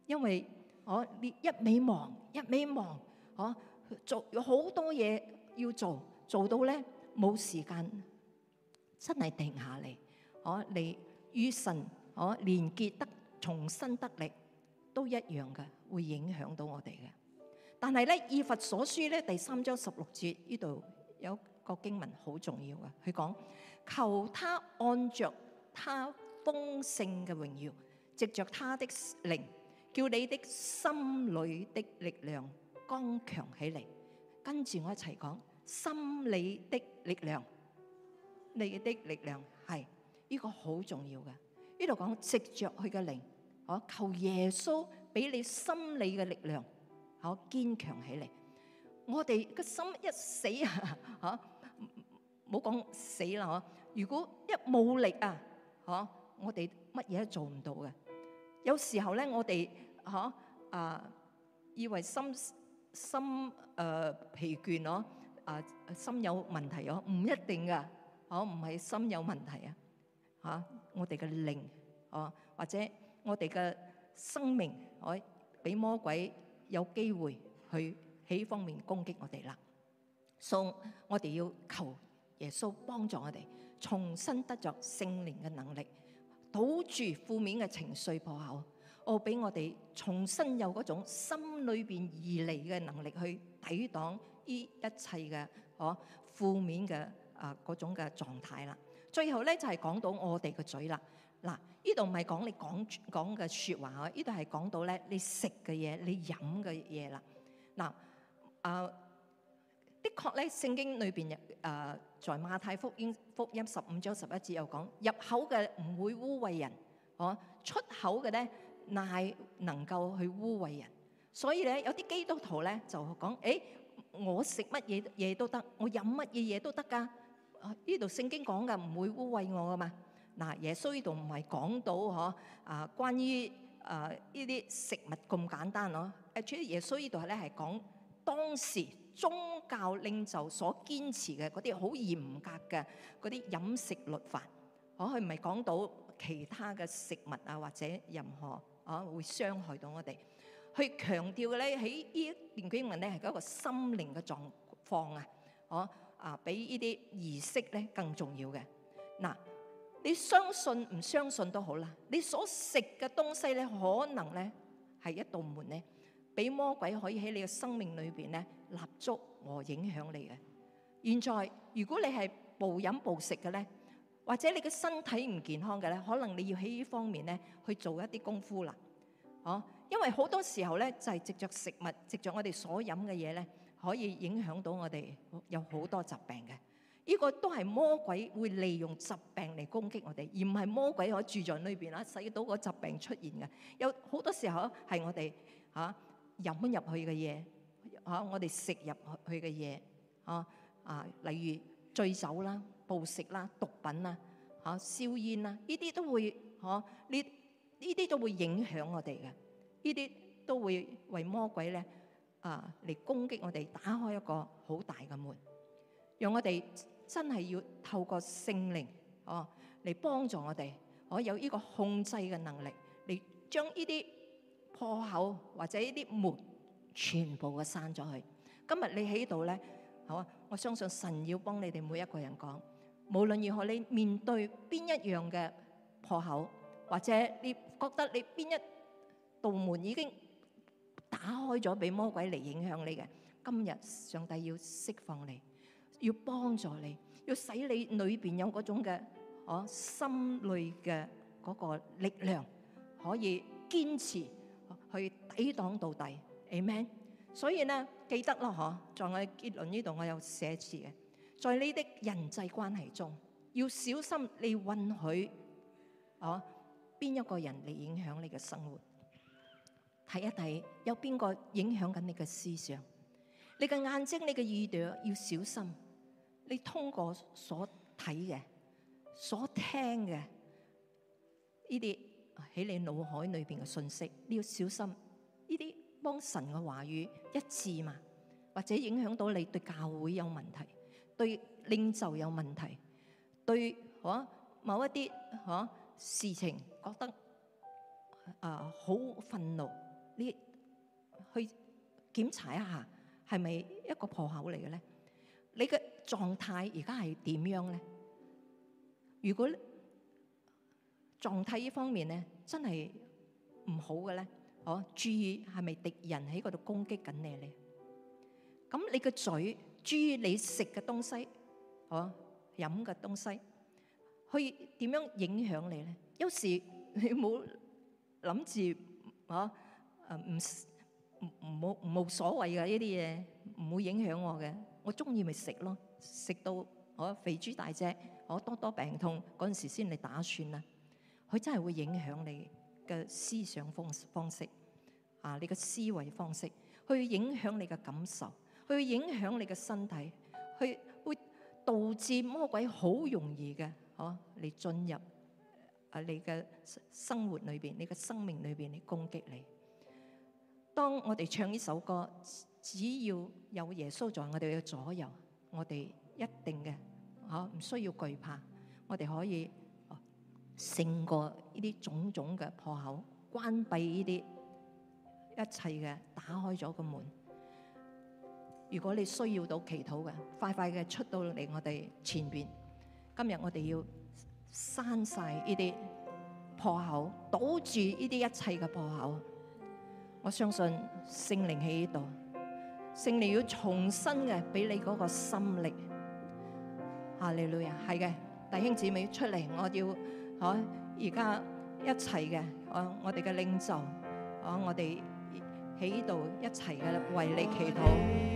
因為我、啊、一味忙一味忙，我、啊、做好多嘢要做。做到咧冇時間真係定下嚟，我、啊、你與神我、啊、連結得重新得力，都一樣嘅，會影響到我哋嘅。但係咧，以弗所書咧第三章十六節呢度有一個經文好重要嘅，佢講，求他按着他豐盛嘅榮耀，藉着他的靈，叫你的心裏的力量剛強起嚟，跟住我一齊講。心理的力量，你的力量係呢、呢個好重要嘅。呢度講藉著佢嘅靈，我、啊、求耶穌俾你心理嘅力量，我堅強起嚟。我哋個心一死啊，嚇冇講死啦。嚇、啊，如果一冇力啊，嚇我哋乜嘢都做唔到嘅。有時候咧，我哋嚇啊以為心心誒、呃、疲倦咯。啊。啊，心有問題哦，唔一定噶，我，唔係心有問題啊，嚇我哋嘅靈哦，或者我哋嘅生命，我俾魔鬼有機會去喺呢方面攻擊我哋啦。所以我哋要求耶穌幫助我哋重新得着聖靈嘅能力，堵住負面嘅情緒破口。我俾我哋重新有嗰種心裏邊而嚟嘅能力去抵擋呢一切嘅我負面嘅啊嗰種嘅狀態啦。最後咧就係、是、講到我哋嘅嘴啦。嗱，呢度唔係講你講講嘅説話啊，呢度係講到咧你食嘅嘢、你飲嘅嘢啦。嗱，啊、呃，的確咧聖經裏邊誒，在馬太福音福音十五章十一節有講入口嘅唔會污穢人，我、呃、出口嘅咧。嗱係能夠去污穢人，所以咧有啲基督徒咧就講：誒我食乜嘢嘢都得，我飲乜嘢嘢都得㗎。呢度聖經講嘅唔會污穢我㗎嘛。嗱，耶穌呢度唔係講到呵啊，關於啊呢啲食物咁簡單咯。誒，主耶穌呢度咧係講當時宗教領袖所堅持嘅嗰啲好嚴格嘅嗰啲飲食律法。佢係唔係講到其他嘅食物啊，或者任何？哦，會傷害到我哋。去強調咧，喺依年紀嘅人咧係一個心靈嘅狀況啊！哦啊，比依啲儀式咧更重要嘅。嗱，你相信唔相信都好啦。你所食嘅東西咧，可能咧係一道門咧，俾魔鬼可以喺你嘅生命裏邊咧立足和影響你嘅。現在，如果你係暴飲暴食嘅咧。或者你嘅身體唔健康嘅咧，可能你要喺呢方面咧去做一啲功夫啦，哦、啊，因為好多時候咧就係、是、藉着食物、藉着我哋所飲嘅嘢咧，可以影響到我哋有好多疾病嘅。呢、這個都係魔鬼會利用疾病嚟攻擊我哋，而唔係魔鬼喺住在裏邊啦，使到個疾病出現嘅。有好多時候係我哋嚇飲入去嘅嘢，嚇我哋食入去嘅嘢，啊啊，啊，啊，例如醉酒啦。暴食啦、毒品啦、嚇、啊、燒煙啦，呢啲都會，嚇、啊，呢啲都會影響我哋嘅，呢啲都會為魔鬼咧，啊，嚟攻擊我哋，打開一個好大嘅門，讓我哋真係要透過聖靈，哦、啊，嚟幫助我哋，我、啊、有呢個控制嘅能力，嚟將呢啲破口或者呢啲門全部嘅閂咗去。今日你喺度咧，好啊，我相信神要幫你哋每一個人講。無論如何，你面對邊一樣嘅破口，或者你覺得你邊一道門已經打開咗俾魔鬼嚟影響你嘅，今日上帝要釋放你，要幫助你，要使你裏邊有嗰種嘅哦心裏嘅嗰個力量，可以堅持去抵擋到底。阿門。所以呢，記得咯，嗬，在我結論呢度，我有寫詞嘅。在呢啲人際關係中，要小心你允許啊邊一個人嚟影響你嘅生活。睇一睇有邊個影響緊你嘅思想，你嘅眼睛、你嘅耳朵要小心。你通過所睇嘅、所聽嘅呢啲喺你腦海裏邊嘅信息，你要小心呢啲幫神嘅話語一致嘛，或者影響到你對教會有問題。對領袖有問題，對可某一啲可事情覺得啊好憤怒，你去檢查一下係咪一個破口嚟嘅咧？你嘅狀態而家係點樣咧？如果狀態呢方面咧真係唔好嘅咧，哦，注意係咪敵人喺嗰度攻擊緊你咧？咁你嘅嘴。注意你食嘅東西，哦，飲嘅東西，可以點樣影響你咧？有時你冇諗住，哦，誒、啊，唔唔冇冇所謂嘅呢啲嘢，唔會影響我嘅。我中意咪食咯，食到我肥豬大隻，我多多病痛嗰陣時先嚟打算啦，啊。佢真係會影響你嘅思想方方式，啊，你嘅思維方式去影響你嘅感受。去影響你嘅身體，去會導致魔鬼好容易嘅，嗬，嚟進入啊你嘅生活裏邊，你嘅生命裏邊嚟攻擊你。當我哋唱呢首歌，只要有耶穌在我哋嘅左右，我哋一定嘅，嗬，唔需要懼怕，我哋可以勝過呢啲種種嘅破口，關閉呢啲一切嘅，打開咗個門。如果你需要到祈禱嘅，快快嘅出到嚟我哋前邊。今日我哋要閂曬呢啲破口，堵住呢啲一切嘅破口。我相信聖靈喺呢度，聖靈要重新嘅俾你嗰個心力。啊，李女啊，係嘅，弟兄姊妹出嚟，我要啊，而家一齊嘅，我我哋嘅領袖，啊，我哋喺呢度一齊嘅為你祈禱。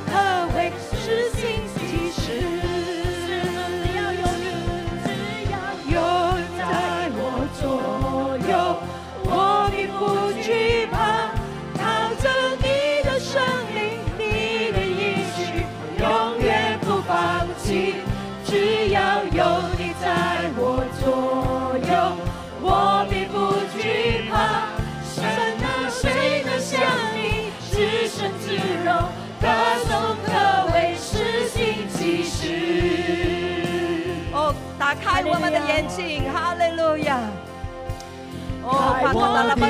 開我們的眼睛，哈利路亞！哦，打開我們不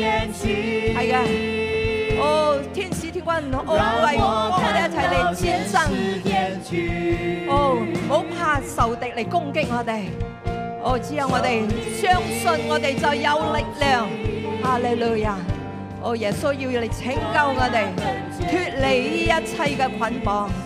眼睛，係嘅。哦，天使天軍，oh, 為我為我哋一齊嚟爭戰。哦，唔好怕仇敵嚟攻擊我哋。哦、oh，只有我哋相信我哋就有力量。哈利路亞！哦，耶穌要嚟拯救我哋，脱離一切嘅捆綁。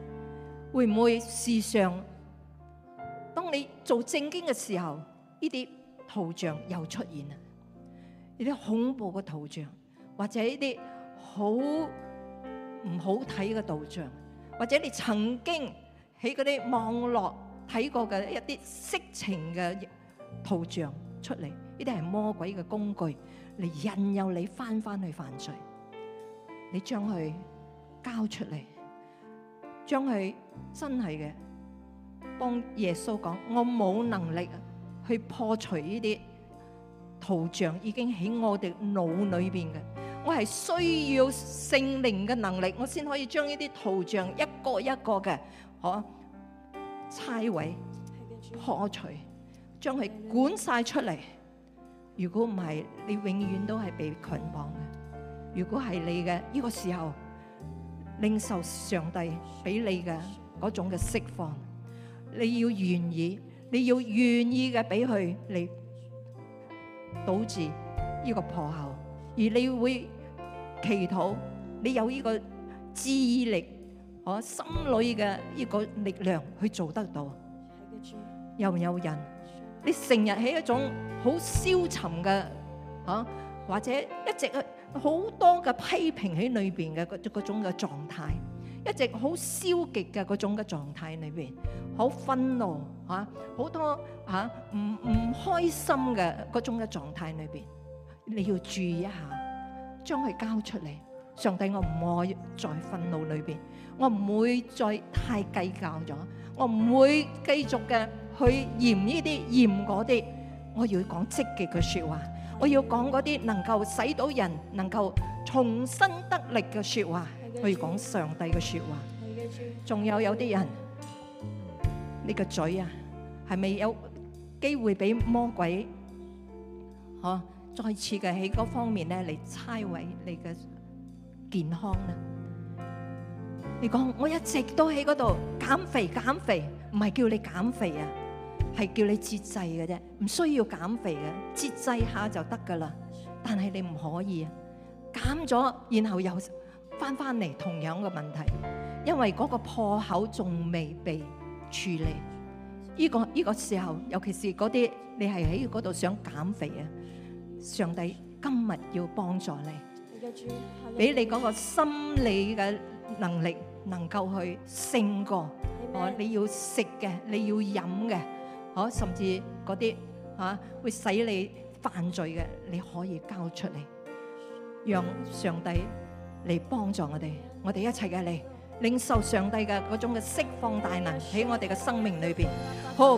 會唔會事實上當你做正經嘅時候，呢啲圖像又出現啦？呢啲恐怖嘅圖像，或者呢啲好唔好睇嘅圖像，或者你曾經喺嗰啲網絡睇過嘅一啲色情嘅圖像出嚟，呢啲係魔鬼嘅工具嚟引誘你翻翻去犯罪，你將佢交出嚟。將佢真係嘅幫耶穌講，我冇能力去破除呢啲圖像已經喺我哋腦裏邊嘅，我係需要聖靈嘅能力，我先可以將呢啲圖像一個一個嘅可拆毀、破除，將佢管晒出嚟。如果唔係，你永遠都係被捆綁嘅。如果係你嘅呢、呢個時候。領受上帝俾你嘅嗰種嘅釋放，你要願意，你要願意嘅俾佢你導致呢個破口，而你會祈禱，你有呢個智力，哦，心裏嘅呢個力量去做得到，有唔有人，你成日喺一種好消沉嘅，哦，或者一直去。好多嘅批評喺裏邊嘅嗰嗰種嘅狀態，一直好消極嘅嗰種嘅狀態裏邊，好憤怒吓，好多吓唔唔開心嘅嗰種嘅狀態裏邊，你要注意一下，將佢交出嚟。上帝，我唔愛再憤怒裏邊，我唔會再太計較咗，我唔會繼續嘅去嫌呢啲嫌嗰啲，我要講積極嘅說話。我要講嗰啲能夠使到人能夠重新得力嘅説話，我要講上帝嘅説話。仲有有啲人，你個嘴啊，係咪有機會俾魔鬼，哦，再次嘅喺嗰方面咧嚟拆毀你嘅健康咧？你講我一直都喺嗰度減肥減肥，唔係叫你減肥啊！係叫你節制嘅啫，唔需要減肥嘅，節制下就得噶啦。但係你唔可以呀，減咗，然後又翻翻嚟同樣嘅問題，因為嗰個破口仲未被處理。呢個呢個時候，尤其是嗰啲你係喺嗰度想減肥啊，上帝今日要幫助你，俾你嗰個心理嘅能力能夠去勝過哦嗎，你要食嘅，你要飲嘅。好，甚至嗰啲嚇會使你犯罪嘅，你可以交出嚟，讓上帝嚟幫助我哋。我哋一齊嘅嚟，領受上帝嘅嗰種嘅釋放大能喺我哋嘅生命裏邊。好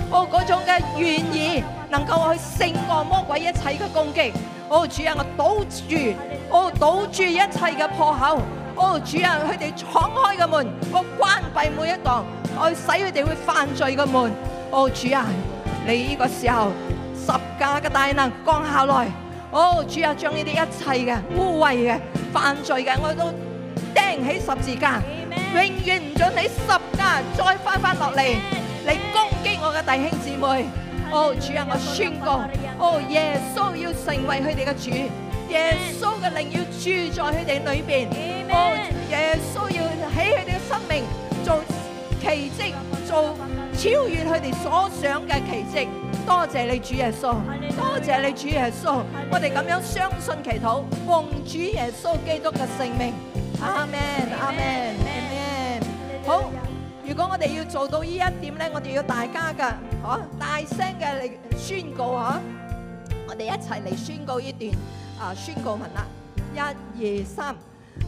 哦，嗰種嘅願意能夠去勝過魔鬼一切嘅攻擊。哦，主啊，我堵住，哦堵住一切嘅破口。哦，主啊，佢哋敞開嘅門，我關閉每一檔，我使佢哋會犯罪嘅門。哦，主啊，你呢個時候十架嘅大能降下來。哦，主啊，將呢啲一切嘅污穢嘅犯罪嘅，我都釘喺十字架，永遠唔準喺十架再翻翻落嚟。你攻擊我嘅弟兄姊妹，哦，主啊，我宣告，哦，耶穌要成為佢哋嘅主，耶穌嘅靈要住在佢哋裏面，哦，耶穌要喺佢哋嘅生命做奇跡，做超越佢哋所想嘅奇跡。多謝你主耶穌，多謝你主耶穌，我哋咁樣相信祈禱，奉主耶穌基督嘅聖名，阿門，阿門，阿門，好。如果我哋要做到呢一點呢，我哋要大家噶，嗬，大聲嘅嚟宣告嗬，我哋一齊嚟宣告呢段啊宣告文啦，一二三，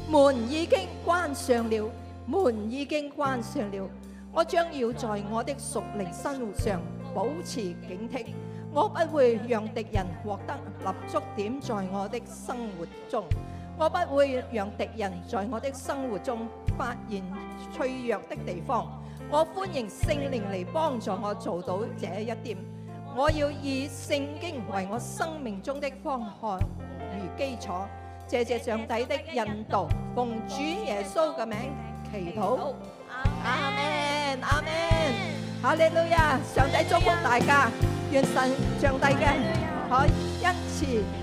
門已經關上了，門已經關上了，我將要在我的屬靈生活上保持警惕，我不會讓敵人獲得立足點在我的生活中。我不會讓敵人在我的生活中發現脆弱的地方。我歡迎聖靈嚟幫助我做到這一點。我要以聖經為我生命中的方向與基礎。謝謝上帝的恩賜，奉主耶穌嘅名祈禱。阿門，阿門。哈利路亞！上帝祝福大家，願神上帝嘅可以恩慈。